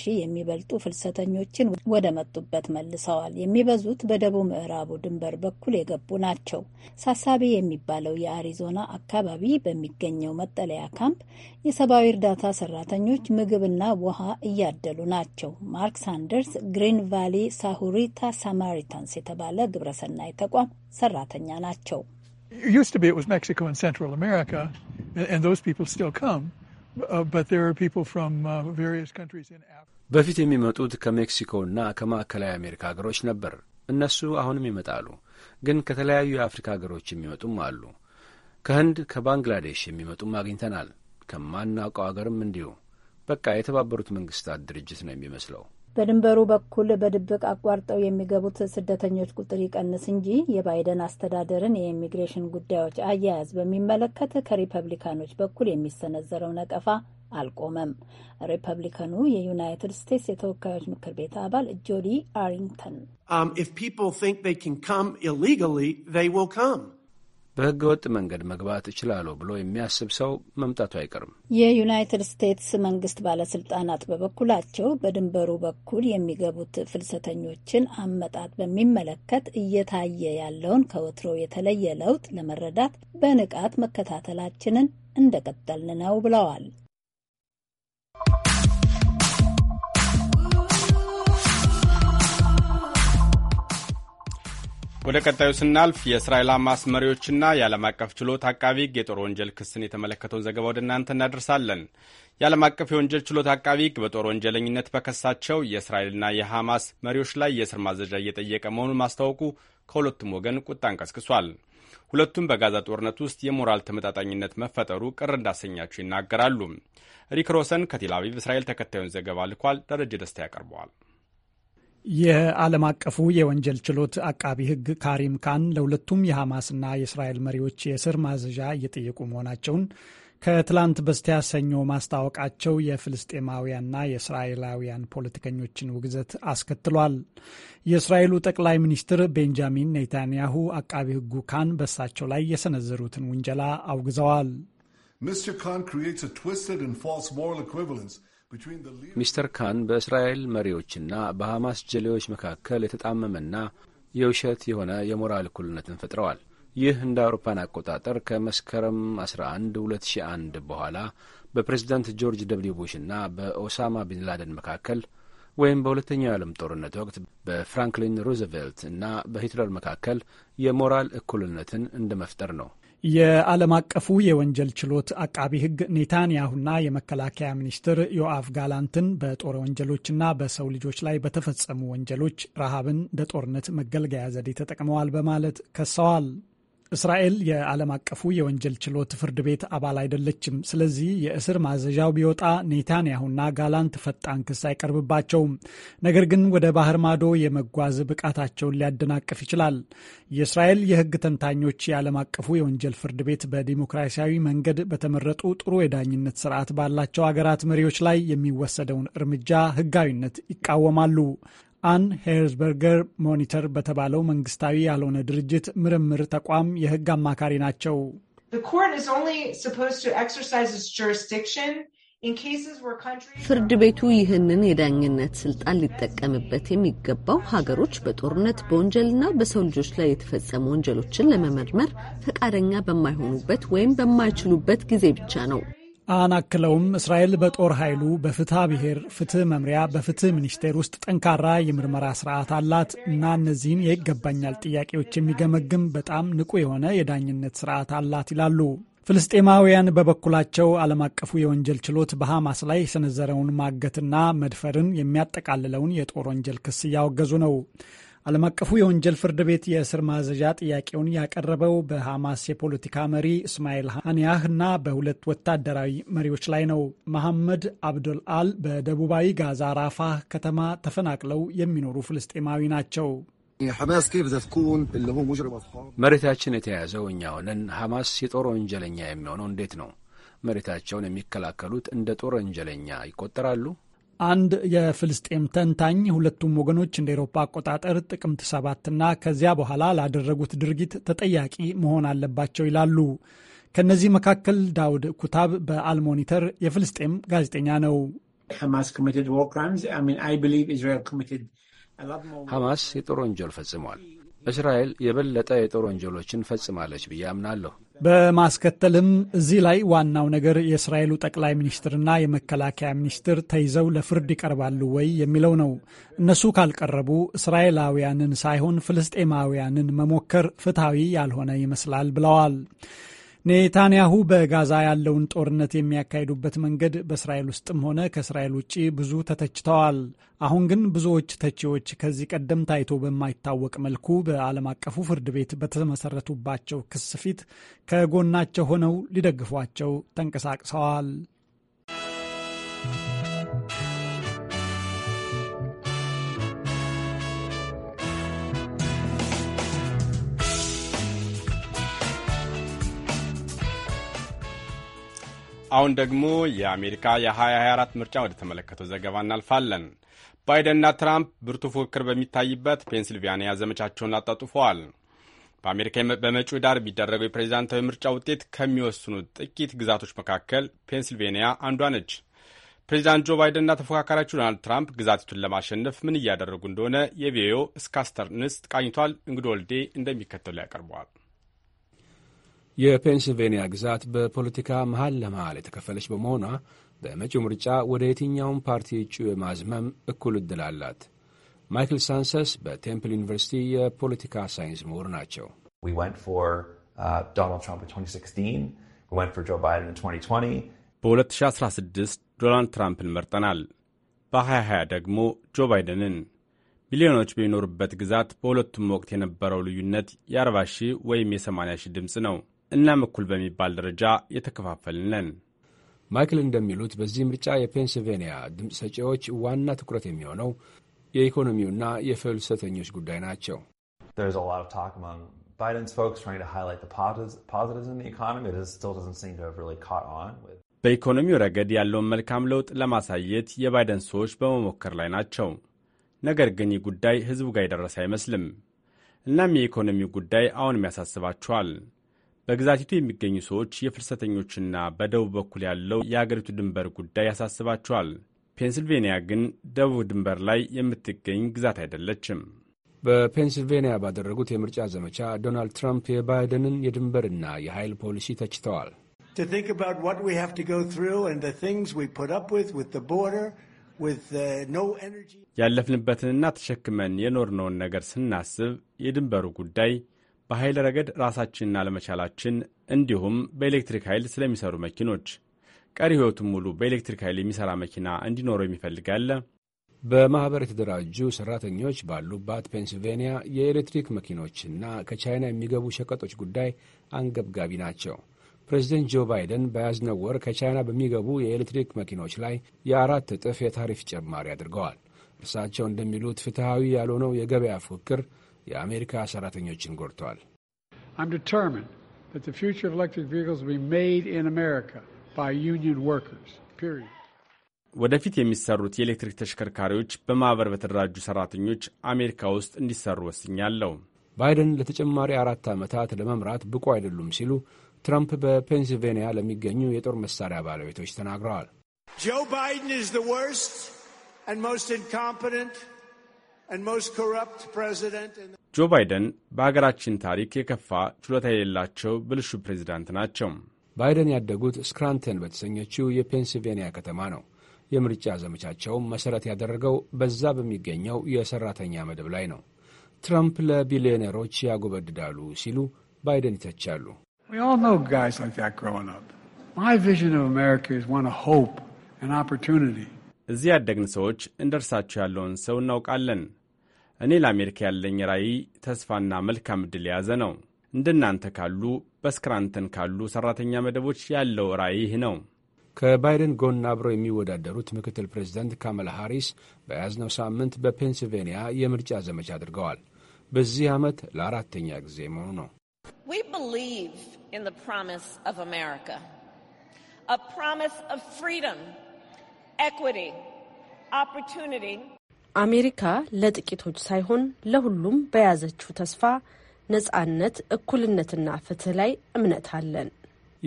ሺህ የሚበልጡ ፍልሰተኞችን ወደ መጡበት መልሰዋል። የሚበዙት በደቡብ ምዕራቡ ድንበር በኩል የገቡ ናቸው። ሳሳቢ የሚባለው የአሪዞና አካባቢ በሚገኘው መጠለያ ካምፕ የሰብአዊ እርዳታ ሰራተኞች ምግብና ውሃ እያደሉ ናቸው። ማርክ ሳንደርስ ግሪን ቫሊ ሳሁሪታ ሳማሪታንስ የተባለ ግብረሰናይ ተቋም ሰራተኛ ናቸው። It used to be it was Mexico and Central America, and, and those people still come, uh, but there are people from uh, various countries in Africa. በፊት የሚመጡት ከሜክሲኮና ከማዕከላዊ አሜሪካ ሀገሮች ነበር። እነሱ አሁንም ይመጣሉ፣ ግን ከተለያዩ የአፍሪካ ሀገሮች የሚመጡም አሉ። ከህንድ ከባንግላዴሽ የሚመጡም አግኝተናል። ከማናውቀው አገርም እንዲሁ። በቃ የተባበሩት መንግስታት ድርጅት ነው የሚመስለው። በድንበሩ በኩል በድብቅ አቋርጠው የሚገቡት ስደተኞች ቁጥር ይቀንስ እንጂ የባይደን አስተዳደርን የኢሚግሬሽን ጉዳዮች አያያዝ በሚመለከት ከሪፐብሊካኖች በኩል የሚሰነዘረው ነቀፋ አልቆመም። ሪፐብሊካኑ የዩናይትድ ስቴትስ የተወካዮች ምክር ቤት አባል ጆዲ አሪንግተን um, በህገ ወጥ መንገድ መግባት እችላለሁ ብሎ የሚያስብ ሰው መምጣቱ አይቀርም። የዩናይትድ ስቴትስ መንግስት ባለስልጣናት በበኩላቸው በድንበሩ በኩል የሚገቡት ፍልሰተኞችን አመጣጥ በሚመለከት እየታየ ያለውን ከወትሮ የተለየ ለውጥ ለመረዳት በንቃት መከታተላችንን እንደቀጠልን ነው ብለዋል። ወደ ቀጣዩ ስናልፍ የእስራኤል ሐማስ መሪዎችና የዓለም አቀፍ ችሎት አቃቢ ሕግ የጦር ወንጀል ክስን የተመለከተውን ዘገባ ወደ እናንተ እናደርሳለን። የዓለም አቀፍ የወንጀል ችሎት አቃቢ ሕግ በጦር ወንጀለኝነት በከሳቸው የእስራኤልና የሐማስ መሪዎች ላይ የእስር ማዘዣ እየጠየቀ መሆኑን ማስታወቁ ከሁለቱም ወገን ቁጣን ቀስቅሷል። ሁለቱም በጋዛ ጦርነት ውስጥ የሞራል ተመጣጣኝነት መፈጠሩ ቅር እንዳሰኛቸው ይናገራሉ። ሪክ ሮሰን ከቴል አቪቭ እስራኤል ተከታዩን ዘገባ ልኳል። ደረጀ ደስታ ያቀርበዋል። የዓለም አቀፉ የወንጀል ችሎት አቃቢ ሕግ ካሪም ካን ለሁለቱም የሐማስና የእስራኤል መሪዎች የእስር ማዘዣ እየጠየቁ መሆናቸውን ከትላንት በስቲያ ሰኞ ማስታወቃቸው የፍልስጤማውያንና የእስራኤላውያን ፖለቲከኞችን ውግዘት አስከትሏል። የእስራኤሉ ጠቅላይ ሚኒስትር ቤንጃሚን ኔታንያሁ አቃቢ ሕጉ ካን በሳቸው ላይ የሰነዘሩትን ውንጀላ አውግዘዋል። ሚስተር ካን በእስራኤል መሪዎችና በሐማስ ጀሌዎች መካከል የተጣመመና የውሸት የሆነ የሞራል እኩልነትን ፈጥረዋል። ይህ እንደ አውሮፓን አቆጣጠር ከመስከረም 11 2001 በኋላ በፕሬዝዳንት ጆርጅ ቡሽ ቡሽና በኦሳማ ቢንላደን መካከል ወይም በሁለተኛው የዓለም ጦርነት ወቅት በፍራንክሊን ሩዝቬልት እና በሂትለር መካከል የሞራል እኩልነትን እንደ መፍጠር ነው። የዓለም አቀፉ የወንጀል ችሎት አቃቢ ሕግ ኔታንያሁና የመከላከያ ሚኒስትር ዮአፍ ጋላንትን በጦር ወንጀሎችና በሰው ልጆች ላይ በተፈጸሙ ወንጀሎች ረሃብን እንደ ጦርነት መገልገያ ዘዴ ተጠቅመዋል በማለት ከሰዋል። እስራኤል የዓለም አቀፉ የወንጀል ችሎት ፍርድ ቤት አባል አይደለችም። ስለዚህ የእስር ማዘዣው ቢወጣ ኔታንያሁና ጋላንት ፈጣን ክስ አይቀርብባቸውም። ነገር ግን ወደ ባህር ማዶ የመጓዝ ብቃታቸውን ሊያደናቅፍ ይችላል። የእስራኤል የሕግ ተንታኞች የዓለም አቀፉ የወንጀል ፍርድ ቤት በዲሞክራሲያዊ መንገድ በተመረጡ ጥሩ የዳኝነት ስርዓት ባላቸው አገራት መሪዎች ላይ የሚወሰደውን እርምጃ ሕጋዊነት ይቃወማሉ። አን ሄርዝበርገር ሞኒተር በተባለው መንግስታዊ ያልሆነ ድርጅት ምርምር ተቋም የህግ አማካሪ ናቸው። ፍርድ ቤቱ ይህንን የዳኝነት ስልጣን ሊጠቀምበት የሚገባው ሀገሮች በጦርነት በወንጀልና በሰው ልጆች ላይ የተፈጸሙ ወንጀሎችን ለመመርመር ፈቃደኛ በማይሆኑበት ወይም በማይችሉበት ጊዜ ብቻ ነው። አናክለውም እስራኤል በጦር ኃይሉ በፍትሐ ብሔር ፍትህ መምሪያ በፍትህ ሚኒስቴር ውስጥ ጠንካራ የምርመራ ስርዓት አላት እና እነዚህን የይገባኛል ጥያቄዎች የሚገመግም በጣም ንቁ የሆነ የዳኝነት ስርዓት አላት ይላሉ። ፍልስጤማውያን በበኩላቸው ዓለም አቀፉ የወንጀል ችሎት በሐማስ ላይ የሰነዘረውን ማገትና መድፈርን የሚያጠቃልለውን የጦር ወንጀል ክስ እያወገዙ ነው። ዓለም አቀፉ የወንጀል ፍርድ ቤት የእስር ማዘዣ ጥያቄውን ያቀረበው በሐማስ የፖለቲካ መሪ እስማኤል ሃንያህ እና በሁለት ወታደራዊ መሪዎች ላይ ነው። መሐመድ አብዱል አል በደቡባዊ ጋዛ ራፋህ ከተማ ተፈናቅለው የሚኖሩ ፍልስጤማዊ ናቸው። መሬታችን የተያዘው እኛ ሆነን ሐማስ የጦር ወንጀለኛ የሚሆነው እንዴት ነው? መሬታቸውን የሚከላከሉት እንደ ጦር ወንጀለኛ ይቆጠራሉ? አንድ የፍልስጤም ተንታኝ ሁለቱም ወገኖች እንደ ኤሮፓ አቆጣጠር ጥቅምት ሰባትና ከዚያ በኋላ ላደረጉት ድርጊት ተጠያቂ መሆን አለባቸው ይላሉ። ከእነዚህ መካከል ዳውድ ኩታብ በአልሞኒተር የፍልስጤም ጋዜጠኛ ነው። ሐማስ የጦር ወንጀል ፈጽሟል። እስራኤል የበለጠ የጦር ወንጀሎችን ፈጽማለች ብዬ አምናለሁ። በማስከተልም እዚህ ላይ ዋናው ነገር የእስራኤሉ ጠቅላይ ሚኒስትርና የመከላከያ ሚኒስትር ተይዘው ለፍርድ ይቀርባሉ ወይ የሚለው ነው። እነሱ ካልቀረቡ እስራኤላውያንን ሳይሆን ፍልስጤማውያንን መሞከር ፍትሐዊ ያልሆነ ይመስላል ብለዋል። ኔታንያሁ በጋዛ ያለውን ጦርነት የሚያካሂዱበት መንገድ በእስራኤል ውስጥም ሆነ ከእስራኤል ውጭ ብዙ ተተችተዋል። አሁን ግን ብዙዎች ተቺዎች ከዚህ ቀደም ታይቶ በማይታወቅ መልኩ በዓለም አቀፉ ፍርድ ቤት በተመሰረቱባቸው ክስ ፊት ከጎናቸው ሆነው ሊደግፏቸው ተንቀሳቅሰዋል። አሁን ደግሞ የአሜሪካ የ2024 ምርጫ ወደ ተመለከተው ዘገባ እናልፋለን። ባይደንና ትራምፕ ብርቱ ፉክክር በሚታይበት ፔንስልቬንያ ዘመቻቸውን አጣጡፈዋል። በአሜሪካ በመጪው ዳር የሚደረገው የፕሬዚዳንታዊ ምርጫ ውጤት ከሚወስኑት ጥቂት ግዛቶች መካከል ፔንስልቬንያ አንዷ ነች። ፕሬዚዳንት ጆ ባይደንና ተፎካካሪያቸው ዶናልድ ትራምፕ ግዛቲቱን ለማሸነፍ ምን እያደረጉ እንደሆነ የቪኦኤው እስካስተርንስ ቃኝቷል። እንግዶ ወልዴ እንደሚከተሉ ያቀርበዋል። የፔንስልቬንያ ግዛት በፖለቲካ መሀል ለመሀል የተከፈለች በመሆኗ በመጪው ምርጫ ወደ የትኛውም ፓርቲ እጩ የማዝመም እኩል እድል አላት። ማይክል ሳንሰስ በቴምፕል ዩኒቨርሲቲ የፖለቲካ ሳይንስ ምሁር ናቸው። uh, በ2016 ዶናልድ ትራምፕን መርጠናል። በ2020 ደግሞ ጆ ባይደንን። ሚሊዮኖች በሚኖሩበት ግዛት በሁለቱም ወቅት የነበረው ልዩነት የ40 ሺህ ወይም የ80 ሺህ ድምፅ ነው። እናም እኩል በሚባል ደረጃ የተከፋፈልን ነን። ማይክል እንደሚሉት በዚህ ምርጫ የፔንስልቬንያ ድምፅ ሰጪዎች ዋና ትኩረት የሚሆነው የኢኮኖሚውና የፍልሰተኞች ጉዳይ ናቸው። በኢኮኖሚው ረገድ ያለውን መልካም ለውጥ ለማሳየት የባይደን ሰዎች በመሞከር ላይ ናቸው። ነገር ግን ይህ ጉዳይ ሕዝቡ ጋር የደረሰ አይመስልም። እናም የኢኮኖሚው ጉዳይ አሁንም ያሳስባቸዋል። በግዛቲቱ የሚገኙ ሰዎች የፍልሰተኞችና በደቡብ በኩል ያለው የአገሪቱ ድንበር ጉዳይ ያሳስባቸዋል። ፔንስልቬንያ ግን ደቡብ ድንበር ላይ የምትገኝ ግዛት አይደለችም። በፔንስልቬንያ ባደረጉት የምርጫ ዘመቻ ዶናልድ ትራምፕ የባይደንን የድንበርና የኃይል ፖሊሲ ተችተዋል። ያለፍንበትንና ተሸክመን የኖርነውን ነገር ስናስብ የድንበሩ ጉዳይ በኃይል ረገድ ራሳችንን አለመቻላችን፣ እንዲሁም በኤሌክትሪክ ኃይል ስለሚሰሩ መኪኖች ቀሪ ሕይወቱን ሙሉ በኤሌክትሪክ ኃይል የሚሠራ መኪና እንዲኖረው የሚፈልጋለ። በማኅበር የተደራጁ ሠራተኞች ባሉባት ፔንስልቬንያ የኤሌክትሪክ መኪኖችና ከቻይና የሚገቡ ሸቀጦች ጉዳይ አንገብጋቢ ናቸው። ፕሬዚደንት ጆ ባይደን በያዝነው ወር ከቻይና በሚገቡ የኤሌክትሪክ መኪኖች ላይ የአራት እጥፍ የታሪፍ ጭማሪ አድርገዋል። እርሳቸው እንደሚሉት ፍትሐዊ ያልሆነው የገበያ ፉክክር የአሜሪካ ሰራተኞችን ጎድተዋል። ወደፊት የሚሰሩት የኤሌክትሪክ ተሽከርካሪዎች በማኅበር በተደራጁ ሠራተኞች አሜሪካ ውስጥ እንዲሰሩ ወስኛለሁ። ባይደን ለተጨማሪ አራት ዓመታት ለመምራት ብቁ አይደሉም ሲሉ ትራምፕ በፔንሲልቬንያ ለሚገኙ የጦር መሣሪያ ባለቤቶች ተናግረዋል። ጆ ባይደን ጆ ባይደን በሀገራችን ታሪክ የከፋ ችሎታ የሌላቸው ብልሹ ፕሬዚዳንት ናቸው። ባይደን ያደጉት ስክራንተን በተሰኘችው የፔንስልቬንያ ከተማ ነው። የምርጫ ዘመቻቸውም መሠረት ያደረገው በዛ በሚገኘው የሠራተኛ መደብ ላይ ነው። ትራምፕ ለቢሊዮነሮች ያጎበድዳሉ ሲሉ ባይደን ይተቻሉ። ሁላችንም እዚህ ያደግን ሰዎች እንደ እርሳቸው ያለውን ሰው እናውቃለን። እኔ ለአሜሪካ ያለኝ ራዕይ ተስፋና መልካም ዕድል የያዘ ነው። እንደናንተ ካሉ በስክራንተን ካሉ ሠራተኛ መደቦች ያለው ራዕይ ይህ ነው። ከባይደን ጎን አብረው የሚወዳደሩት ምክትል ፕሬዚደንት ካመላ ሃሪስ በያዝነው ሳምንት በፔንስልቬንያ የምርጫ ዘመቻ አድርገዋል። በዚህ ዓመት ለአራተኛ ጊዜ መሆኑ ነው። ፕሮሚስ ኦፍ አሜሪካ ፕሮሚስ ኦፍ አሜሪካ ለጥቂቶች ሳይሆን ለሁሉም በያዘችው ተስፋ ነጻነት፣ እኩልነትና ፍትህ ላይ እምነት አለን።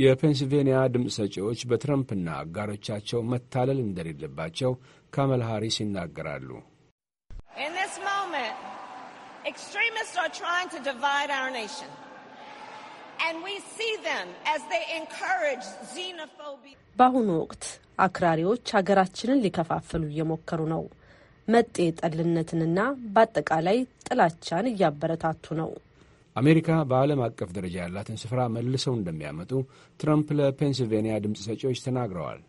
የፔንስልቬንያ ድምፅ ሰጪዎች በትረምፕና አጋሮቻቸው መታለል እንደሌለባቸው ካመላ ሃሪስ ይናገራሉ። በአሁኑ ወቅት አክራሪዎች ሀገራችንን ሊከፋፍሉ እየሞከሩ ነው። መጤ ጠልነትንና በአጠቃላይ ጥላቻን እያበረታቱ ነው። አሜሪካ በዓለም አቀፍ ደረጃ ያላትን ስፍራ መልሰው እንደሚያመጡ ትራምፕ ለፔንስልቬንያ ድምፅ ሰጪዎች ተናግረዋል።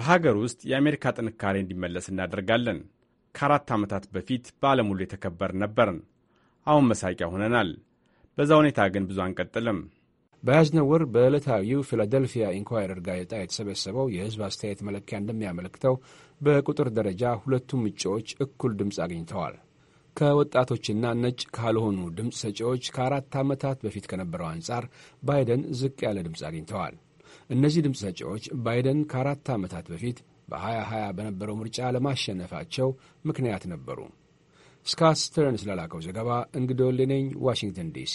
በሀገር ውስጥ የአሜሪካ ጥንካሬ እንዲመለስ እናደርጋለን። ከአራት ዓመታት በፊት በዓለም ሁሉ የተከበር ነበርን። አሁን መሳቂያ ሆነናል። በዛ ሁኔታ ግን ብዙ አንቀጥልም። በያዝነው ወር በዕለታዊው ፊላደልፊያ ኢንኳይረር ጋዜጣ የተሰበሰበው የህዝብ አስተያየት መለኪያ እንደሚያመለክተው በቁጥር ደረጃ ሁለቱም እጩዎች እኩል ድምፅ አግኝተዋል። ከወጣቶችና ነጭ ካልሆኑ ድምፅ ሰጪዎች ከአራት ዓመታት በፊት ከነበረው አንጻር ባይደን ዝቅ ያለ ድምፅ አግኝተዋል። እነዚህ ድምፅ ሰጪዎች ባይደን ከአራት ዓመታት በፊት በ2020 በነበረው ምርጫ ለማሸነፋቸው ምክንያት ነበሩ። ስካት ስተርንስ ለላከው ዘገባ እንግዶ ወልዴ ዋሽንግተን ዲሲ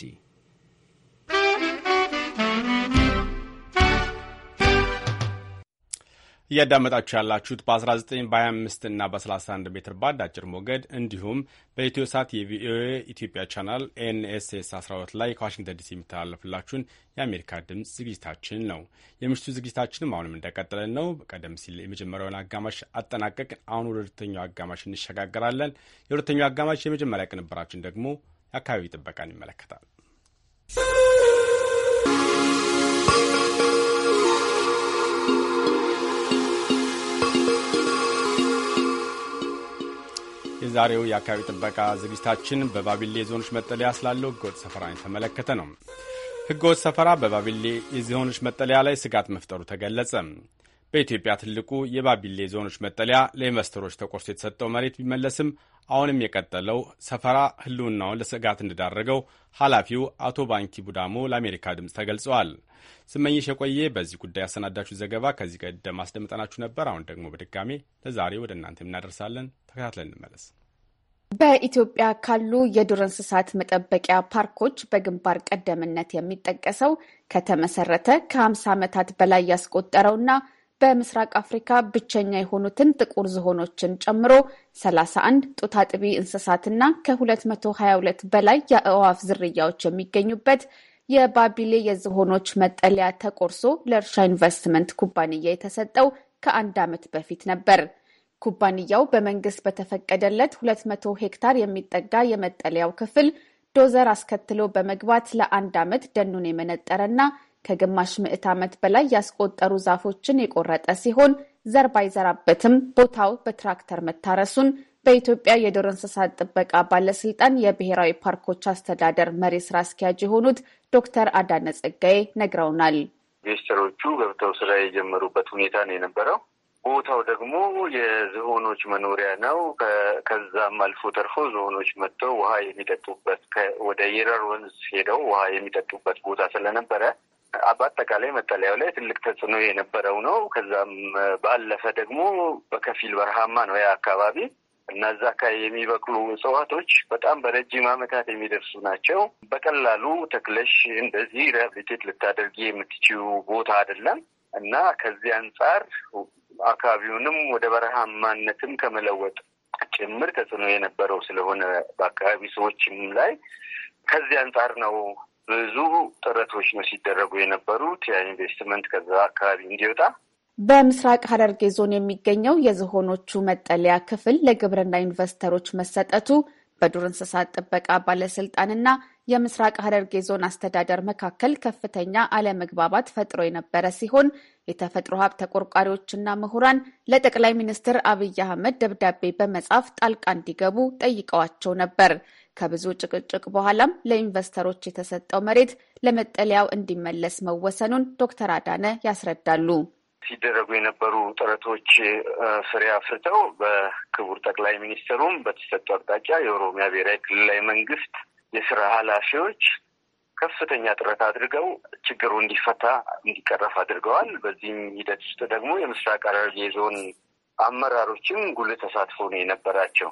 እያዳመጣችሁ ያላችሁት በ19 በ25 እና በ31 ሜትር ባንድ አጭር ሞገድ እንዲሁም በኢትዮ ሳት የቪኦኤ ኢትዮጵያ ቻናል ኤንኤስኤስ 12 ላይ ከዋሽንግተን ዲሲ የሚተላለፍላችሁን የአሜሪካ ድምፅ ዝግጅታችን ነው። የምሽቱ ዝግጅታችንም አሁንም እንደቀጠለን ነው። ቀደም ሲል የመጀመሪያውን አጋማሽ አጠናቀቅን። አሁን ወደ ሁለተኛው አጋማሽ እንሸጋገራለን። የሁለተኛው አጋማሽ የመጀመሪያ ቅንብራችን ደግሞ የአካባቢ ጥበቃን ይመለከታል። የዛሬው የአካባቢ ጥበቃ ዝግጅታችን በባቢሌ ዞኖች መጠለያ ስላለው ህገወጥ ሰፈራ የተመለከተ ነው። ህገወጥ ሰፈራ በባቢሌ የዞኖች መጠለያ ላይ ስጋት መፍጠሩ ተገለጸ። በኢትዮጵያ ትልቁ የባቢሌ ዞኖች መጠለያ ለኢንቨስተሮች ተቆርሶ የተሰጠው መሬት ቢመለስም አሁንም የቀጠለው ሰፈራ ህልውናውን ለስጋት እንዳደረገው ኃላፊው አቶ ባንኪ ቡዳሞ ለአሜሪካ ድምፅ ተገልጸዋል። ስመኝሽ የቆየ በዚህ ጉዳይ ያሰናዳችሁ ዘገባ ከዚህ ቀደም አስደምጠናችሁ ነበር። አሁን ደግሞ በድጋሜ ለዛሬ ወደ እናንተ የምናደርሳለን። ተከታትለን እንመለስ። በኢትዮጵያ ካሉ የዱር እንስሳት መጠበቂያ ፓርኮች በግንባር ቀደምትነት የሚጠቀሰው ከተመሰረተ ከ50 ዓመታት በላይ ያስቆጠረውና በምስራቅ አፍሪካ ብቸኛ የሆኑትን ጥቁር ዝሆኖችን ጨምሮ 31 ጡት አጥቢ እንስሳትና ከ222 በላይ የአእዋፍ ዝርያዎች የሚገኙበት የባቢሌ የዝሆኖች መጠለያ ተቆርሶ ለእርሻ ኢንቨስትመንት ኩባንያ የተሰጠው ከአንድ ዓመት በፊት ነበር። ኩባንያው በመንግስት በተፈቀደለት 200 ሄክታር የሚጠጋ የመጠለያው ክፍል ዶዘር አስከትሎ በመግባት ለአንድ ዓመት ደኑን የመነጠረና ከግማሽ ምዕት ዓመት በላይ ያስቆጠሩ ዛፎችን የቆረጠ ሲሆን ዘር ባይዘራበትም ቦታው በትራክተር መታረሱን በኢትዮጵያ የዱር እንስሳት ጥበቃ ባለስልጣን የብሔራዊ ፓርኮች አስተዳደር መሪ ስራ አስኪያጅ የሆኑት ዶክተር አዳነ ጸጋዬ ነግረውናል። ኢንቨስተሮቹ ገብተው ስራ የጀመሩበት ሁኔታ ነው የነበረው። ቦታው ደግሞ የዝሆኖች መኖሪያ ነው። ከዛም አልፎ ተርፎ ዝሆኖች መጥተው ውሃ የሚጠጡበት ወደ የረር ወንዝ ሄደው ውሃ የሚጠጡበት ቦታ ስለነበረ በአጠቃላይ መጠለያው ላይ ትልቅ ተጽዕኖ የነበረው ነው። ከዛም ባለፈ ደግሞ በከፊል በረሃማ ነው ያ አካባቢ እና እዛ አካባቢ የሚበቅሉ እጽዋቶች በጣም በረጅም ዓመታት የሚደርሱ ናቸው። በቀላሉ ተክለሽ እንደዚህ ሪሃብሊቴት ልታደርጊ የምትችው ቦታ አይደለም እና ከዚህ አንጻር አካባቢውንም ወደ በረሃማነትም ከመለወጥ ጭምር ተጽዕኖ የነበረው ስለሆነ በአካባቢ ሰዎችም ላይ ከዚህ አንጻር ነው ብዙ ጥረቶች ነው ሲደረጉ የነበሩት ያ ኢንቨስትመንት ከዛ አካባቢ እንዲወጣ። በምስራቅ ሐረርጌ ዞን የሚገኘው የዝሆኖቹ መጠለያ ክፍል ለግብርና ኢንቨስተሮች መሰጠቱ በዱር እንስሳት ጥበቃ ባለስልጣንና የምስራቅ ሐረርጌ ዞን አስተዳደር መካከል ከፍተኛ አለመግባባት ፈጥሮ የነበረ ሲሆን የተፈጥሮ ሀብት ተቆርቋሪዎችና ምሁራን ለጠቅላይ ሚኒስትር አብይ አህመድ ደብዳቤ በመጻፍ ጣልቃ እንዲገቡ ጠይቀዋቸው ነበር። ከብዙ ጭቅጭቅ በኋላም ለኢንቨስተሮች የተሰጠው መሬት ለመጠለያው እንዲመለስ መወሰኑን ዶክተር አዳነ ያስረዳሉ። ሲደረጉ የነበሩ ጥረቶች ፍሬ አፍርተው በክቡር ጠቅላይ ሚኒስትሩም በተሰጡ አቅጣጫ የኦሮሚያ ብሔራዊ ክልላዊ መንግስት የስራ ኃላፊዎች ከፍተኛ ጥረት አድርገው ችግሩ እንዲፈታ እንዲቀረፍ አድርገዋል። በዚህም ሂደት ውስጥ ደግሞ የምስራቅ ሐረርጌ ዞን አመራሮችም ጉልህ ተሳትፎ ነው የነበራቸው።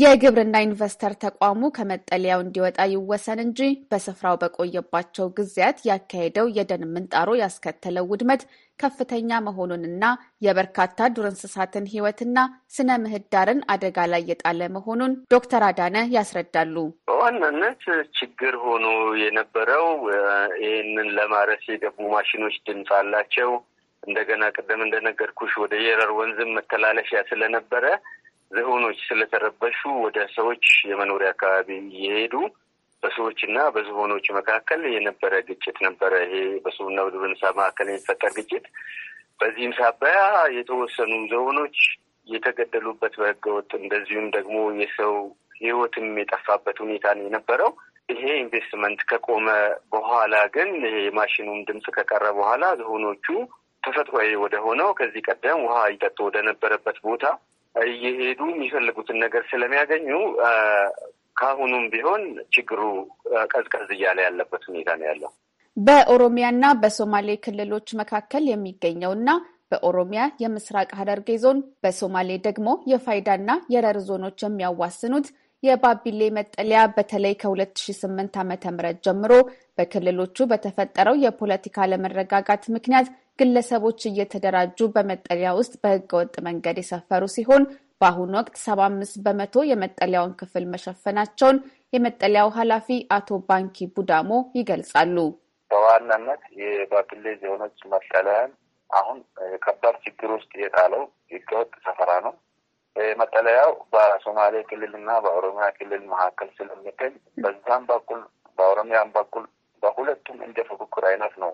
የግብርና ኢንቨስተር ተቋሙ ከመጠለያው እንዲወጣ ይወሰን እንጂ በስፍራው በቆየባቸው ጊዜያት ያካሄደው የደን ምንጣሮ ያስከተለው ውድመት ከፍተኛ መሆኑንና የበርካታ ዱር እንስሳትን ሕይወትና ስነ ምህዳርን አደጋ ላይ የጣለ መሆኑን ዶክተር አዳነ ያስረዳሉ። በዋናነት ችግር ሆኖ የነበረው ይህንን ለማረስ የገቡ ማሽኖች ድምፅ አላቸው። እንደገና ቅደም እንደነገርኩሽ ወደ የረር ወንዝም መተላለፊያ ስለነበረ ዝሆኖች ስለተረበሹ ወደ ሰዎች የመኖሪያ አካባቢ እየሄዱ በሰዎች እና በዝሆኖች መካከል የነበረ ግጭት ነበረ። ይሄ በሰውና በዱር እንስሳ መካከል የሚፈጠር ግጭት። በዚህም ሳቢያ የተወሰኑ ዝሆኖች የተገደሉበት በህገወጥ እንደዚሁም ደግሞ የሰው ህይወትም የጠፋበት ሁኔታ ነው የነበረው። ይሄ ኢንቨስትመንት ከቆመ በኋላ ግን ይሄ የማሽኑም ድምፅ ከቀረ በኋላ ዝሆኖቹ ተፈጥሯዊ ወደ ሆነው ከዚህ ቀደም ውሃ ይጠጡ ወደነበረበት ቦታ እየሄዱ የሚፈልጉትን ነገር ስለሚያገኙ ከአሁኑም ቢሆን ችግሩ ቀዝቀዝ እያለ ያለበት ሁኔታ ነው ያለው። በኦሮሚያና በሶማሌ ክልሎች መካከል የሚገኘውና በኦሮሚያ የምስራቅ ሐረርጌ ዞን በሶማሌ ደግሞ የፋይዳና የረር ዞኖች የሚያዋስኑት የባቢሌ መጠለያ በተለይ ከ2008 ም ጀምሮ በክልሎቹ በተፈጠረው የፖለቲካ አለመረጋጋት ምክንያት ግለሰቦች እየተደራጁ በመጠለያ ውስጥ በህገወጥ መንገድ የሰፈሩ ሲሆን በአሁኑ ወቅት 75 በመቶ የመጠለያውን ክፍል መሸፈናቸውን የመጠለያው ኃላፊ አቶ ባንኪ ቡዳሞ ይገልጻሉ። በዋናነት የባብሌ ዞኖች መጠለያን አሁን ከባድ ችግር ውስጥ የጣለው ህገወጥ ሰፈራ ነው። መጠለያው በሶማሌ ክልል እና በኦሮሚያ ክልል መካከል ስለሚገኝ በዛም በኩል በኦሮሚያም በኩል በሁለቱም እንደ ፉክክር አይነት ነው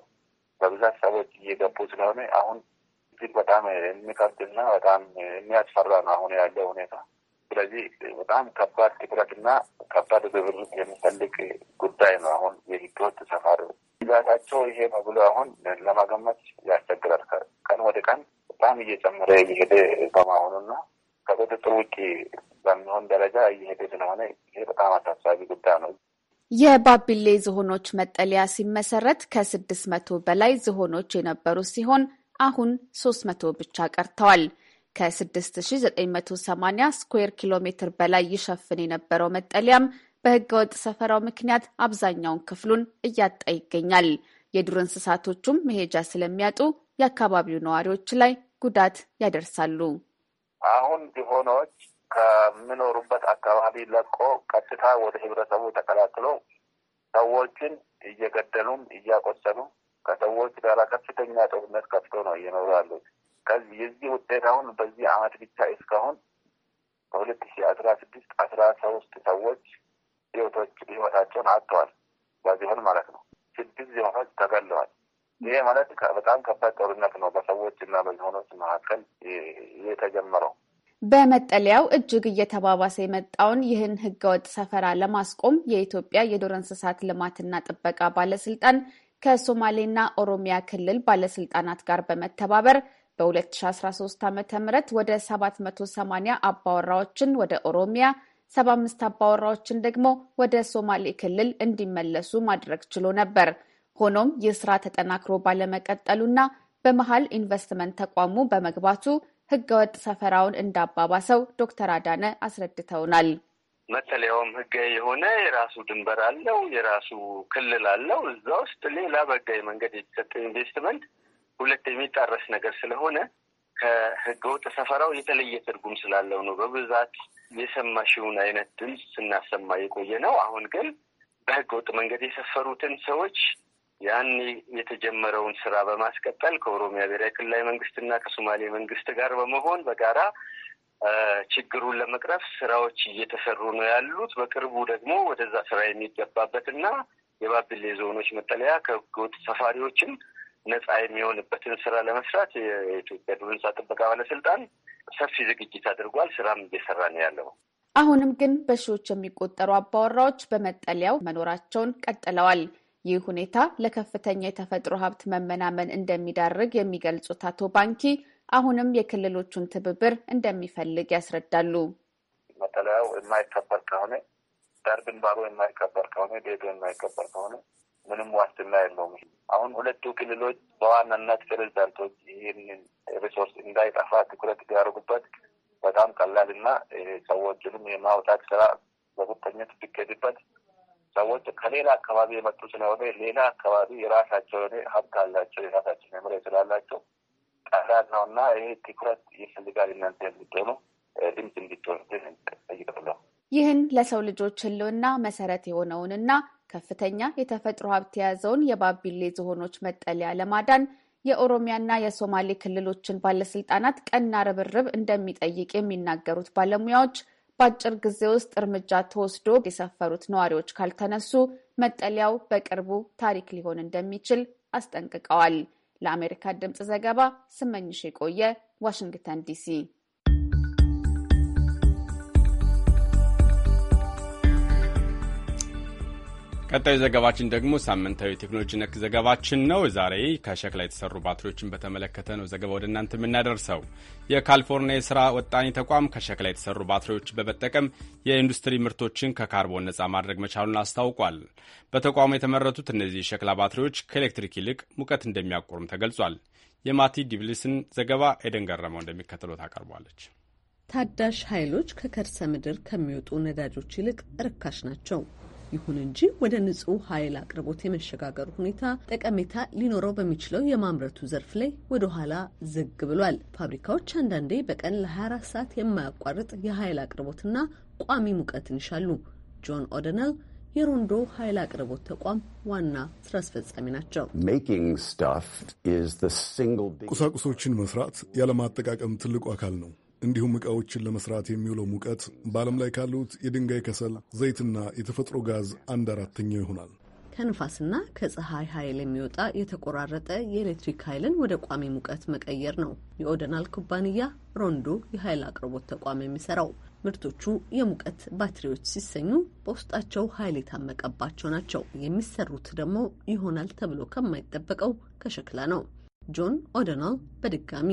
በብዛት ሰዎች እየገቡ ስለሆነ አሁን እጅግ በጣም የሚከብድና በጣም የሚያስፈራ ነው አሁን ያለው ሁኔታ። ስለዚህ በጣም ከባድ ትኩረትና ከባድ ግብር የሚፈልግ ጉዳይ ነው። አሁን የህገወጥ ሰፋሪዎች ብዛታቸው ይሄ ነው ብሎ አሁን ለመገመት ያስቸግራል። ቀን ወደ ቀን በጣም እየጨመረ እየሄደ በመሆኑና ከቁጥጥር ውጭ በሚሆን ደረጃ እየሄደ ስለሆነ ይሄ በጣም አሳሳቢ ጉዳይ ነው። የባቢሌ ዝሆኖች መጠለያ ሲመሰረት ከ600 በላይ ዝሆኖች የነበሩ ሲሆን አሁን 300 ብቻ ቀርተዋል። ከ6980 ስኩዌር ኪሎ ሜትር በላይ ይሸፍን የነበረው መጠለያም በህገወጥ ሰፈራው ምክንያት አብዛኛውን ክፍሉን እያጣ ይገኛል። የዱር እንስሳቶቹም መሄጃ ስለሚያጡ የአካባቢው ነዋሪዎች ላይ ጉዳት ያደርሳሉ። አሁን ዝሆኖች ከምኖሩበት አካባቢ ለቆ ቀጥታ ወደ ህብረተሰቡ ተቀላቅሎ ሰዎችን እየገደሉም እያቆሰሉ ከሰዎች ጋር ከፍተኛ ጦርነት ከፍቶ ነው እየኖሩ ያሉት። ከዚህ የዚህ ውጤት አሁን በዚህ አመት ብቻ እስካሁን ከሁለት ሺ አስራ ስድስት አስራ ሶስት ሰዎች ህይወቶች ህይወታቸውን አጥተዋል። በዚሁን ማለት ነው ስድስት ዜሆኖች ተገለዋል። ይሄ ማለት በጣም ከባድ ጦርነት ነው በሰዎች እና በዝሆኖች መካከል እየተጀመረው በመጠለያው እጅግ እየተባባሰ የመጣውን ይህን ህገወጥ ሰፈራ ለማስቆም የኢትዮጵያ የዱር እንስሳት ልማትና ጥበቃ ባለስልጣን ከሶማሌና ኦሮሚያ ክልል ባለስልጣናት ጋር በመተባበር በ2013 ዓ ም ወደ 780 አባወራዎችን ወደ ኦሮሚያ 75 አባወራዎችን ደግሞ ወደ ሶማሌ ክልል እንዲመለሱ ማድረግ ችሎ ነበር። ሆኖም ይህ ስራ ተጠናክሮ ባለመቀጠሉና በመሀል ኢንቨስትመንት ተቋሙ በመግባቱ ህገወጥ ሰፈራውን እንዳባባሰው ዶክተር አዳነ አስረድተውናል። መጠለያውም ህጋዊ የሆነ የራሱ ድንበር አለው፣ የራሱ ክልል አለው። እዛ ውስጥ ሌላ በህጋዊ መንገድ የተሰጠ ኢንቨስትመንት ሁለት የሚጣረስ ነገር ስለሆነ ከህገወጥ ሰፈራው የተለየ ትርጉም ስላለው ነው። በብዛት የሰማሽውን አይነት ድምፅ ስናሰማ የቆየ ነው። አሁን ግን በህገወጥ መንገድ የሰፈሩትን ሰዎች ያን የተጀመረውን ስራ በማስቀጠል ከኦሮሚያ ብሔራዊ ክልላዊ መንግስትና ከሶማሌ መንግስት ጋር በመሆን በጋራ ችግሩን ለመቅረፍ ስራዎች እየተሰሩ ነው ያሉት። በቅርቡ ደግሞ ወደዛ ስራ የሚገባበትና የባቢሌ ዞኖች መጠለያ ከህገወጥ ሰፋሪዎችም ነጻ የሚሆንበትን ስራ ለመስራት የኢትዮጵያ ዱር እንስሳት ጥበቃ ባለስልጣን ሰፊ ዝግጅት አድርጓል። ስራም እየሰራ ነው ያለው። አሁንም ግን በሺዎች የሚቆጠሩ አባወራዎች በመጠለያው መኖራቸውን ቀጥለዋል። ይህ ሁኔታ ለከፍተኛ የተፈጥሮ ሀብት መመናመን እንደሚዳርግ የሚገልጹት አቶ ባንኪ አሁንም የክልሎቹን ትብብር እንደሚፈልግ ያስረዳሉ። መጠለያው የማይከበር ከሆነ ዳርብን ባሮ የማይከበር ከሆነ ዴዶ የማይከበር ከሆነ ምንም ዋስትና የለውም። አሁን ሁለቱ ክልሎች በዋናነት ፕሬዚዳንቶች ይህንን ሪሶርስ እንዳይጠፋ ትኩረት ቢያደርጉበት በጣም ቀላል እና ሰዎችንም የማውጣት ስራ በቁርጠኝነት ቢካሄድበት ሰዎች ከሌላ አካባቢ የመጡ ስለሆነ ሌላ አካባቢ የራሳቸው የሆነ ሀብት አላቸው፣ የራሳቸው መምሪያ ስላላቸው ቀላል ነው እና ይህ ትኩረት ይፈልጋል። እናንተ የምትሆኑ ድምፅ እንዲትሆኑ ጠይቀለሁ። ይህን ለሰው ልጆች ህልውና መሰረት የሆነውንና ከፍተኛ የተፈጥሮ ሀብት የያዘውን የባቢሌ ዝሆኖች መጠለያ ለማዳን የኦሮሚያና የሶማሌ ክልሎችን ባለስልጣናት ቀና ርብርብ እንደሚጠይቅ የሚናገሩት ባለሙያዎች በአጭር ጊዜ ውስጥ እርምጃ ተወስዶ የሰፈሩት ነዋሪዎች ካልተነሱ መጠለያው በቅርቡ ታሪክ ሊሆን እንደሚችል አስጠንቅቀዋል። ለአሜሪካ ድምፅ ዘገባ ስመኝሽ የቆየ ዋሽንግተን ዲሲ። ቀጣዩ ዘገባችን ደግሞ ሳምንታዊ ቴክኖሎጂ ነክ ዘገባችን ነው። ዛሬ ከሸክላ የተሰሩ ባትሪዎችን በተመለከተ ነው ዘገባ ወደ እናንተ የምናደርሰው። የካሊፎርኒያ የስራ ወጣኔ ተቋም ከሸክላ የተሰሩ ባትሪዎች በመጠቀም የኢንዱስትሪ ምርቶችን ከካርቦን ነጻ ማድረግ መቻሉን አስታውቋል። በተቋሙ የተመረቱት እነዚህ የሸክላ ባትሪዎች ከኤሌክትሪክ ይልቅ ሙቀት እንደሚያቆርም ተገልጿል። የማቲ ዲብሊስን ዘገባ ኤደን ገረመው እንደሚከተለው ታቀርቧለች። ታዳሽ ኃይሎች ከከርሰ ምድር ከሚወጡ ነዳጆች ይልቅ ርካሽ ናቸው። ይሁን እንጂ ወደ ንጹህ ኃይል አቅርቦት የመሸጋገሩ ሁኔታ ጠቀሜታ ሊኖረው በሚችለው የማምረቱ ዘርፍ ላይ ወደ ኋላ ዝግ ብሏል። ፋብሪካዎች አንዳንዴ በቀን ለ24 ሰዓት የማያቋርጥ የኃይል አቅርቦትና ቋሚ ሙቀትን ይሻሉ። ጆን ኦደነል የሮንዶ ኃይል አቅርቦት ተቋም ዋና ስራ አስፈጻሚ ናቸው። ቁሳቁሶችን መስራት ያለማጠቃቀም ትልቁ አካል ነው። እንዲሁም ዕቃዎችን ለመስራት የሚውለው ሙቀት በዓለም ላይ ካሉት የድንጋይ ከሰል፣ ዘይትና የተፈጥሮ ጋዝ አንድ አራተኛው ይሆናል። ከንፋስና ከፀሐይ ኃይል የሚወጣ የተቆራረጠ የኤሌክትሪክ ኃይልን ወደ ቋሚ ሙቀት መቀየር ነው የኦደናል ኩባንያ ሮንዶ የኃይል አቅርቦት ተቋም የሚሰራው። ምርቶቹ የሙቀት ባትሪዎች ሲሰኙ በውስጣቸው ኃይል የታመቀባቸው ናቸው። የሚሰሩት ደግሞ ይሆናል ተብሎ ከማይጠበቀው ከሸክላ ነው። ጆን ኦዶናል በድጋሚ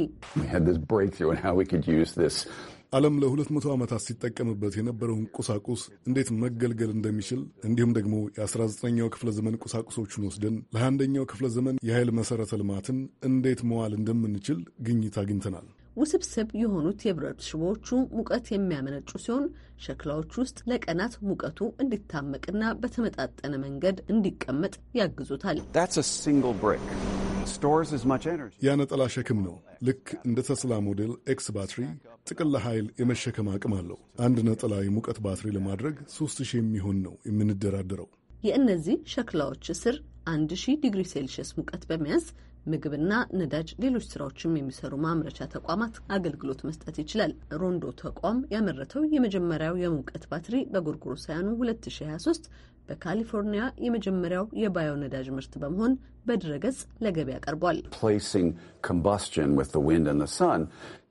ዓለም ለሁለት መቶ ዓመታት ሲጠቀምበት የነበረውን ቁሳቁስ እንዴት መገልገል እንደሚችል እንዲሁም ደግሞ የ19ኛው ክፍለ ዘመን ቁሳቁሶችን ወስደን ለ21ኛው ክፍለ ዘመን የኃይል መሠረተ ልማትን እንዴት መዋል እንደምንችል ግኝት አግኝተናል። ውስብስብ የሆኑት የብረት ሽቦዎቹ ሙቀት የሚያመነጩ ሲሆን ሸክላዎች ውስጥ ለቀናት ሙቀቱ እንዲታመቅና በተመጣጠነ መንገድ እንዲቀመጥ ያግዙታል። ያ ነጠላ ሸክም ነው። ልክ እንደ ተስላ ሞዴል ኤክስ ባትሪ ጥቅል ኃይል የመሸከም አቅም አለው። አንድ ነጠላ የሙቀት ባትሪ ለማድረግ 3000 ሺህ የሚሆን ነው የምንደራደረው። የእነዚህ ሸክላዎች ስር አንድ ሺህ ዲግሪ ሴልሽስ ሙቀት በመያዝ ምግብና ነዳጅ፣ ሌሎች ስራዎችም የሚሰሩ ማምረቻ ተቋማት አገልግሎት መስጠት ይችላል። ሮንዶ ተቋም ያመረተው የመጀመሪያው የሙቀት ባትሪ በጎርጎሮሳውያኑ 2023 በካሊፎርኒያ የመጀመሪያው የባዮ ነዳጅ ምርት በመሆን በድረገጽ ለገበያ ቀርቧል።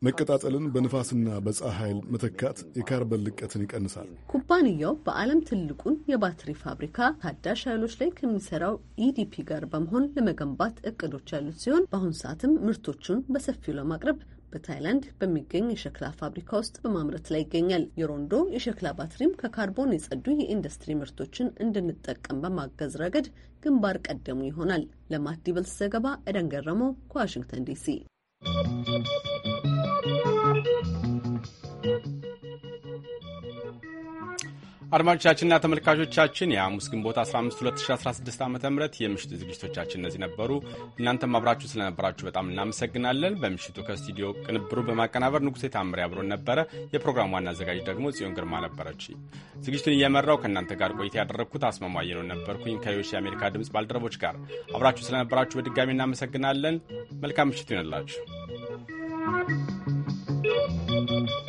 መቀጣጠልን በንፋስና በፀሐይ መተካት የካርበን ልቀትን ይቀንሳል። ኩባንያው በዓለም ትልቁን የባትሪ ፋብሪካ ታዳሽ ኃይሎች ላይ ከሚሰራው ኢዲፒ e ጋር በመሆን ለመገንባት እቅዶች ያሉት ሲሆን በአሁኑ ሰዓትም ምርቶቹን በሰፊው ለማቅረብ በታይላንድ በሚገኝ የሸክላ ፋብሪካ ውስጥ በማምረት ላይ ይገኛል። የሮንዶ የሸክላ ባትሪም ከካርቦን የጸዱ የኢንዱስትሪ ምርቶችን እንድንጠቀም በማገዝ ረገድ ግንባር ቀደሙ ይሆናል። ለማዲበልስ ዘገባ ኤደን ገረመው ከዋሽንግተን ዲሲ አድማጮቻችንና ተመልካቾቻችን የሐሙስ ግንቦት 15 2016 ዓ ም የምሽቱ ዝግጅቶቻችን እነዚህ ነበሩ። እናንተም አብራችሁ ስለነበራችሁ በጣም እናመሰግናለን። በምሽቱ ከስቱዲዮ ቅንብሩ በማቀናበር ንጉሴ ታምሬ አብሮን ነበረ። የፕሮግራም ዋና አዘጋጅ ደግሞ ጽዮን ግርማ ነበረች። ዝግጅቱን እየመራው ከእናንተ ጋር ቆይታ ያደረግኩት አስማማየ ነው ነበርኩኝ ከሌሎች የአሜሪካ ድምፅ ባልደረቦች ጋር አብራችሁ ስለነበራችሁ በድጋሚ እናመሰግናለን። መልካም ምሽቱ ይሆንላችሁ።